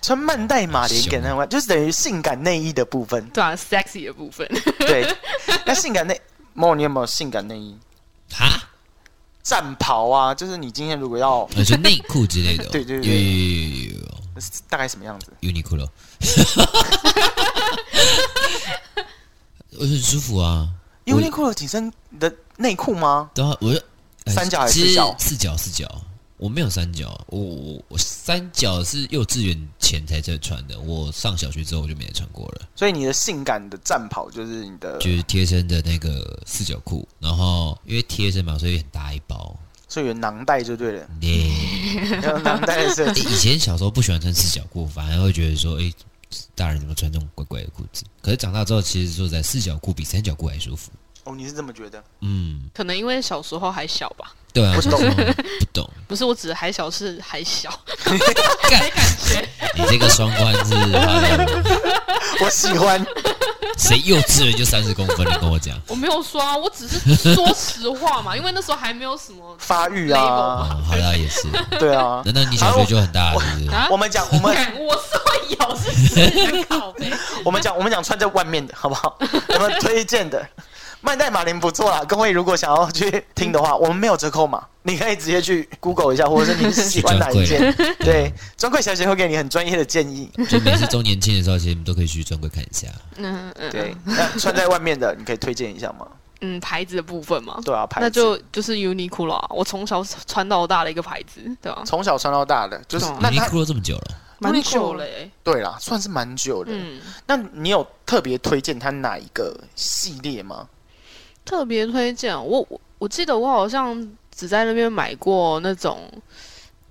穿曼代馬蓮給男友看，就是等於性感內衣的部分，對、啊、，sexy 的部分。 <laughs> 對，那性感內，莫你有沒有性感內衣？啊？戰袍啊，就是你今天如果要、啊，就內褲之類的、哦。 <laughs> 對對對。有有有有。大概什麼樣子？優衣庫嘍。我很舒服啊。優衣庫的緊身的內褲嗎？等啊，我、哎、三角還是四角？四角四角。我沒有三角，我我我三角是幼稚園前才在穿的，我上小學之後我就沒穿過了。所以你的性感的戰袍就是你的，就是貼身的那個四角褲，然後因為貼身嘛，所以很大一包，所以有囊袋就對了。Yeah. <laughs> 有囊袋是。以前小時候不喜歡穿四角褲，反而會覺得說，哎、欸，大人怎麼穿這種怪怪的褲子？可是長大之後，其實說實在四角褲比三角褲還舒服。哦、oh，你是這麼覺得？嗯，可能因為小時候還小吧。對啊，不懂，哦、不懂。 <laughs> 不是，我指的還小是還小， <laughs> 沒感覺。 <laughs> 你這個雙關是？ <laughs> 我喜歡。誰幼稚了就三十公分？你跟我講。我沒有說、啊，我只是說實話嘛， <laughs> 因為那時候還沒有什麼發育啊。好、哦、的，也、啊、是。對啊，啊，啊，難道你小學就很大是不是，我我我、啊啊？我們講，我們 <laughs> 我說是會咬，是思考。我們講，我們講穿在外面的好不好？我們推薦的。曼黛瑪璉不錯啦，各位如果想要去聽的話、嗯，我們沒有折扣嘛，你可以直接去 Google 一下，或者是你喜歡哪一件，對，專櫃、啊、小姐會給你很專業的建議。就每次周年慶的時候，其實你們都可以去專櫃看一下。嗯嗯，對嗯那，穿在外面的，你可以推薦一下嗎？嗯，牌子的部分嘛，對啊，牌子。那就就是 Uniqlo，、啊、我從小穿到大的一個牌子，對啊，從小穿到大的、就是、那，Uniqlo 這麼久了，蠻久了，對啦，算是蠻久的。嗯，那你有特別推薦它哪一個系列嗎？特別推薦我我我記得我好像只在那邊買過那種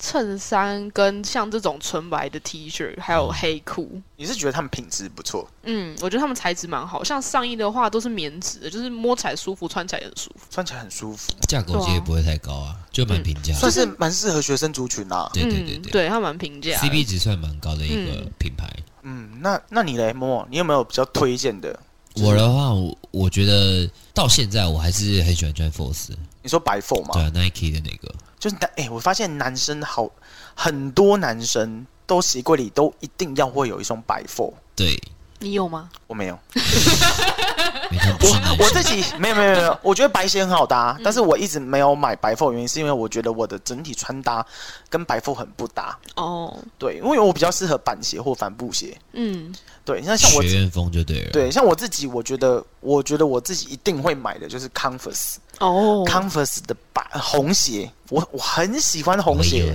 襯衫跟像這種純白的 T 恤，還有黑褲、嗯。你是覺得他們品質不錯？嗯，我覺得他們材質蠻好，像上衣的話都是棉質的，就是摸起來舒服，穿起來也很舒服，穿起來很舒服。價格其實也不會太高啊，就蠻平價，算是蠻適合學生族群吶、啊嗯。對對對對，對它蠻平價，CP 值算蠻高的一個品牌。嗯，嗯那那你嘞，摸，你有沒有比較推薦的？我的話，我，我覺得到現在我還是很喜歡穿 Force。你說白 Force 嗎？對啊，Nike 的那個，就是哎、欸，我發現男生好很多男生都鞋櫃裡都一定要會有一雙白 Force。對。你有嗎？我沒有， <laughs> 我我自己沒有沒有沒有。我覺得白鞋很好搭，嗯、但是我一直沒有買白 Force 的原因是因為我覺得我的整體穿搭跟白 Force 很不搭哦。對，因為我比較適合板鞋或帆布鞋。嗯，對，像，像我學院風就對了。對，像我自己，我覺得我覺得我自己一定會買的就是 Converse 哦，Converse 的板紅鞋，我我很喜歡紅鞋。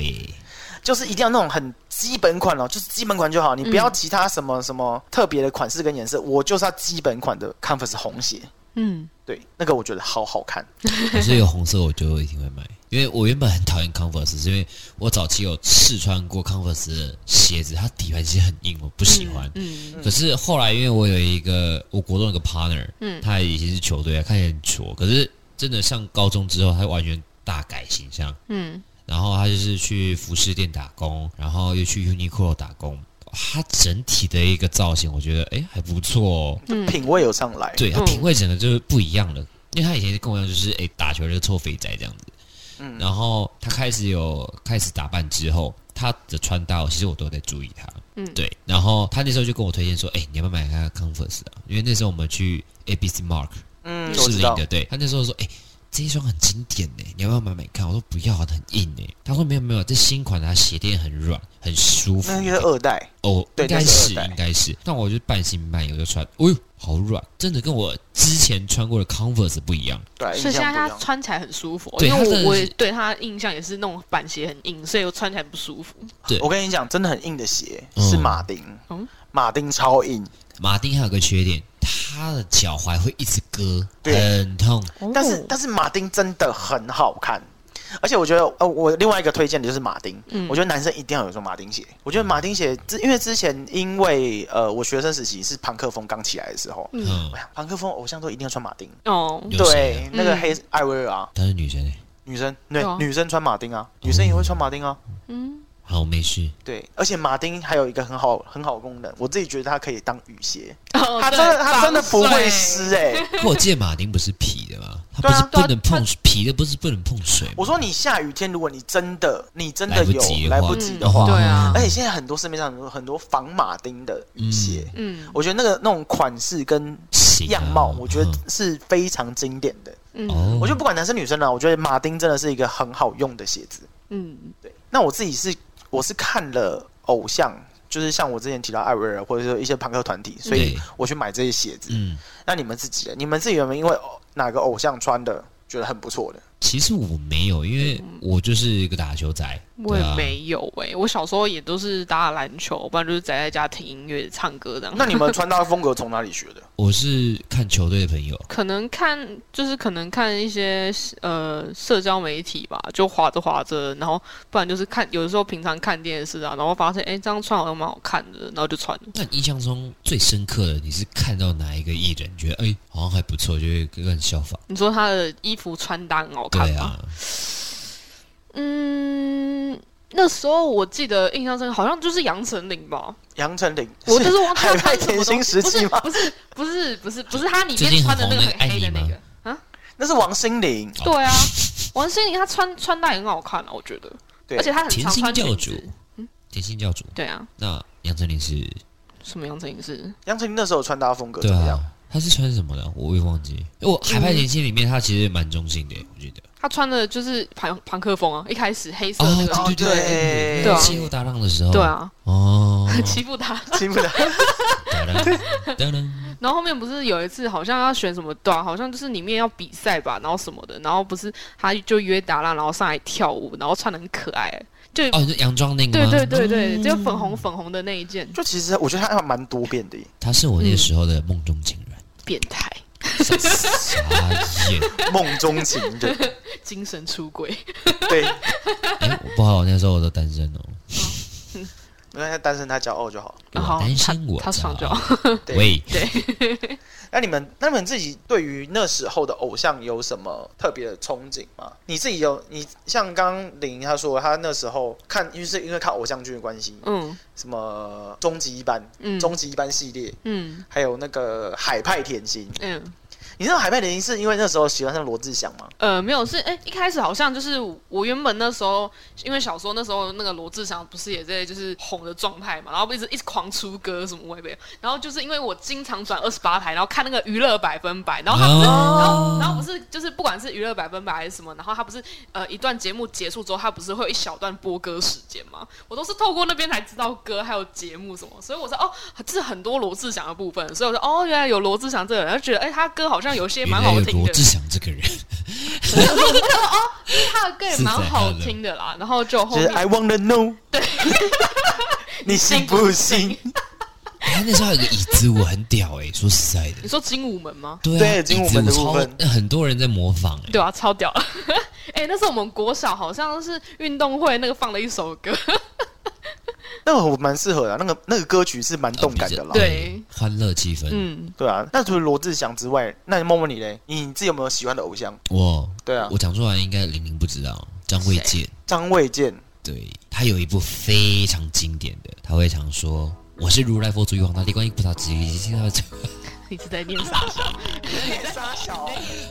就是一定要那種很基本款哦，就是基本款就好，你不要其他什麼什麼特別的款式跟顏色，嗯，我就是要基本款的 Converse 紅鞋。嗯，對，那個我覺得好好看。可是有紅色，我就一定會買，因為我原本很討厭 Converse，是因為我早期有試穿過 Converse 的鞋子，它底盤其實很硬，我不喜歡。嗯，嗯，嗯，可是後來，因為我有一個我國中有一個 partner，嗯，他以前是球隊啊，看起來很挫，可是真的上高中之後，他完全大改形象。嗯。然後他就是去服飾店打工，然後又去 Uniqlo 打工。哦、他整體的一個造型，我覺得哎還不錯，哦、就、嗯、品味有上來。對、嗯、他品味整個就是不一樣了，因為他以前跟我一樣就是哎打球就是臭肥仔這樣子，嗯，然後他開始有開始打扮之後，他的穿搭其實我都有在注意他，嗯，對。然後他那時候就跟我推薦說，哎，你要不要買一下 Converse，啊、因為那時候我們去 A B C Mark，嗯，是領的。對，他那時候說，哎。這一雙很經典哎、欸，你要不要買買看？我說不要、啊，很硬哎、欸。他說沒有沒有，這新款的它鞋墊很軟，很舒服。那應該是二代哦、oh，應該是，是應該是。但我就半信半疑，我就穿，哦、哎、呦，好軟，真的跟我之前穿過的 Converse 不一樣。對，所以現在它穿起來很舒服，因為我我我也對它印象也是那種板鞋很硬，所以我穿起來不舒服。對，我跟你講，真的很硬的鞋、嗯、是馬丁、嗯，馬丁超硬。馬丁還有個缺點，他的腳踝會一直割，很痛。但是，但是馬丁真的很好看，而且我覺得，呃、哦，我另外一個推薦的就是馬丁。嗯，我覺得男生一定要有一種馬丁鞋。我覺得馬丁鞋之，因為之前因為呃，我學生時期是龐克風剛起來的時候，嗯，龐克風偶像都一定要穿馬丁哦。對，啊、那個黑艾薇兒啊，她是女生、欸，女生對、啊、女生穿馬丁啊，女生也會穿馬丁啊，哦、嗯。好，沒事。對，而且馬丁還有一個很好很好功能，我自己覺得它可以當雨鞋，它、哦、真的它真的不會濕哎、欸。不我記得馬丁不是皮的嗎？它不，、啊、不能碰皮的不是不能碰水。我說你下雨天，如果你真的你真的有來不及的話、嗯，對啊。而且現在很多市面上有很多仿馬丁的雨鞋，嗯，嗯我覺得那個那種款式跟樣貌，我覺得是非常經典的。嗯，我就不管男生女生了、啊，我覺得馬丁真的是一個很好用的鞋子。嗯，對。那我自己是。我是看了偶像，就是像我之前提到艾薇兒或者說一些朋克團體，所以我去買這些鞋子。嗯，那你們自己呢，你們自己有沒有因為哪個偶像穿的覺得很不錯的？其實我沒有，因為我就是一個打球仔、嗯啊。我也沒有哎、欸，我小時候也都是打打籃球，不然就是宅在家聽音樂、唱歌這樣。那你們穿搭風格從哪裡學的？ <laughs> 我是看球隊的朋友，可能看就是可能看一些呃社交媒體吧，就滑著滑著，然後不然就是看有的時候平常看電視啊，然後發現哎、欸、這樣穿好像蠻好看的，然後就穿。但印象中最深刻的你是看到哪一個藝人？你覺得哎、欸、好像還不錯，就會更人效仿。你說他的衣服穿搭很好看，對啊，嗯。那時候我記得印象深刻，好像就是楊丞琳吧？楊丞琳，我就是我，她穿什麼？不是，不是，不是，不是，不是她、嗯、裡面穿的那個很黑的那個的的、那個、啊？那是王心凌。哦、對啊， <laughs> 王心凌她穿穿搭也很好看啊，我覺得。對，而且她很甜心教主。嗯，甜心教主。對啊，那楊丞琳是？什麼楊丞琳是？楊丞琳那時候穿搭風格怎麼樣？對啊。她是穿什麼的？我也忘記。我海派甜心裡面她其實蠻中性的，我覺得。他穿的就是龐龐克風啊，一開始黑色的。哦，對對對。對對啊對啊、欺負達浪的時候。對啊。哦。 <laughs> 欺負他，欺負他。然後後面不是有一次，好像要選什麼段，好像就是裡面要比賽吧，然後什麼的，然後不是他就約達浪，然後上來跳舞，然後穿得很可愛，就哦，洋裝那個。對對對對，就、嗯這個、粉紅粉紅的那一件。就其實我覺得他還蠻多變的耶。他是我那時候的夢中情人。嗯、變態。傻眼？夢中情人精神出軌。對，哎、欸，我不好，那時候我都單身哦。嗯因為他單身，他驕傲就好。然後他爽就好。 <laughs> 對對。 <laughs> 那你們那你們自己對於那時候的偶像有什麼特別的憧憬嗎？你自己有你像剛林他說他那時候看，因為是因為看偶像劇的關係。嗯。什麼終極一班？嗯，終極一班系列。嗯。還有那個海派甜心。嗯。你知道海派甜心是因為那時候喜歡上羅志祥嗎？呃，沒有，是哎、欸，一開始好像就是我原本那時候因為小時候那時候那個羅志祥不是也在就是紅的狀態嘛，然後不是一直一狂出歌什麼外邊，然後就是因為我經常轉二十八台，然後看那個娛樂百分百，然後他、哦、然後然後不是就是不管是娛樂百分百還是什麼，然後他不是呃一段節目結束之後，他不是會有一小段播歌時間嗎？我都是透過那邊才知道歌還有節目什麼，所以我說哦，這是很多羅志祥的部分，所以我說哦，原來有羅志祥這個人，覺得哎、欸、他歌好像。那有些也蠻好聽的。羅志祥這個人、 <laughs> <laughs> <laughs> 哦，他的歌也蠻好聽的啦的。然後就後面、就是、I want to know，對， <laughs> 你信不信？哎、 <laughs> 欸，那時候有個椅子舞很屌哎、欸，說實在的，你說精武門嗎？對啊，舞精武門超，很多人在模仿、欸、對啊，超屌了！哎、 <laughs> 欸，那時候我們國小好像是運動會那個放了一首歌。 <laughs> 那個我蠻適合的，啊，那個那個歌曲是蠻動感的啦，嗯、對，歡樂氣氛，嗯，對啊。那除了羅志祥之外，那你問問你嘞？你自己有沒有喜歡的偶像？我，對啊，我講出來應該玲玲不知道。張衛健，張衛健，對，他有一部非常經典的，他會常說、嗯：“我是如來佛祖、玉皇大帝、觀音菩薩之一。他”現在就一直在念啥小，念啥小念啥小，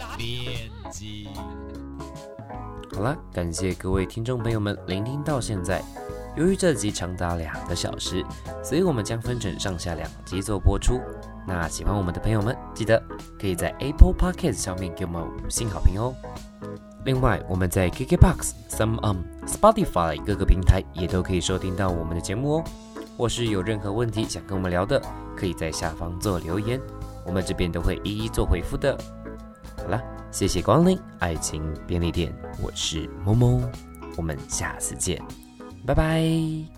啊，念 <laughs> 經。好了，感謝各位聽眾朋友們聆聽到現在。由於這集長達兩個小時，所以我們將分成上下兩集做播出。那喜歡我們的朋友們，記得可以在 Apple Podcast 上面給我們五星好評哦。另外，我們在 KKBox、嗯、SoundOn Spotify 各個平台也都可以收聽到我們的節目哦。或是有任何問題想跟我們聊的，可以在下方做留言，我們這邊都會一一做回復的。好了，謝謝光臨愛情便利店，我是 Momo，我們下次見。拜拜。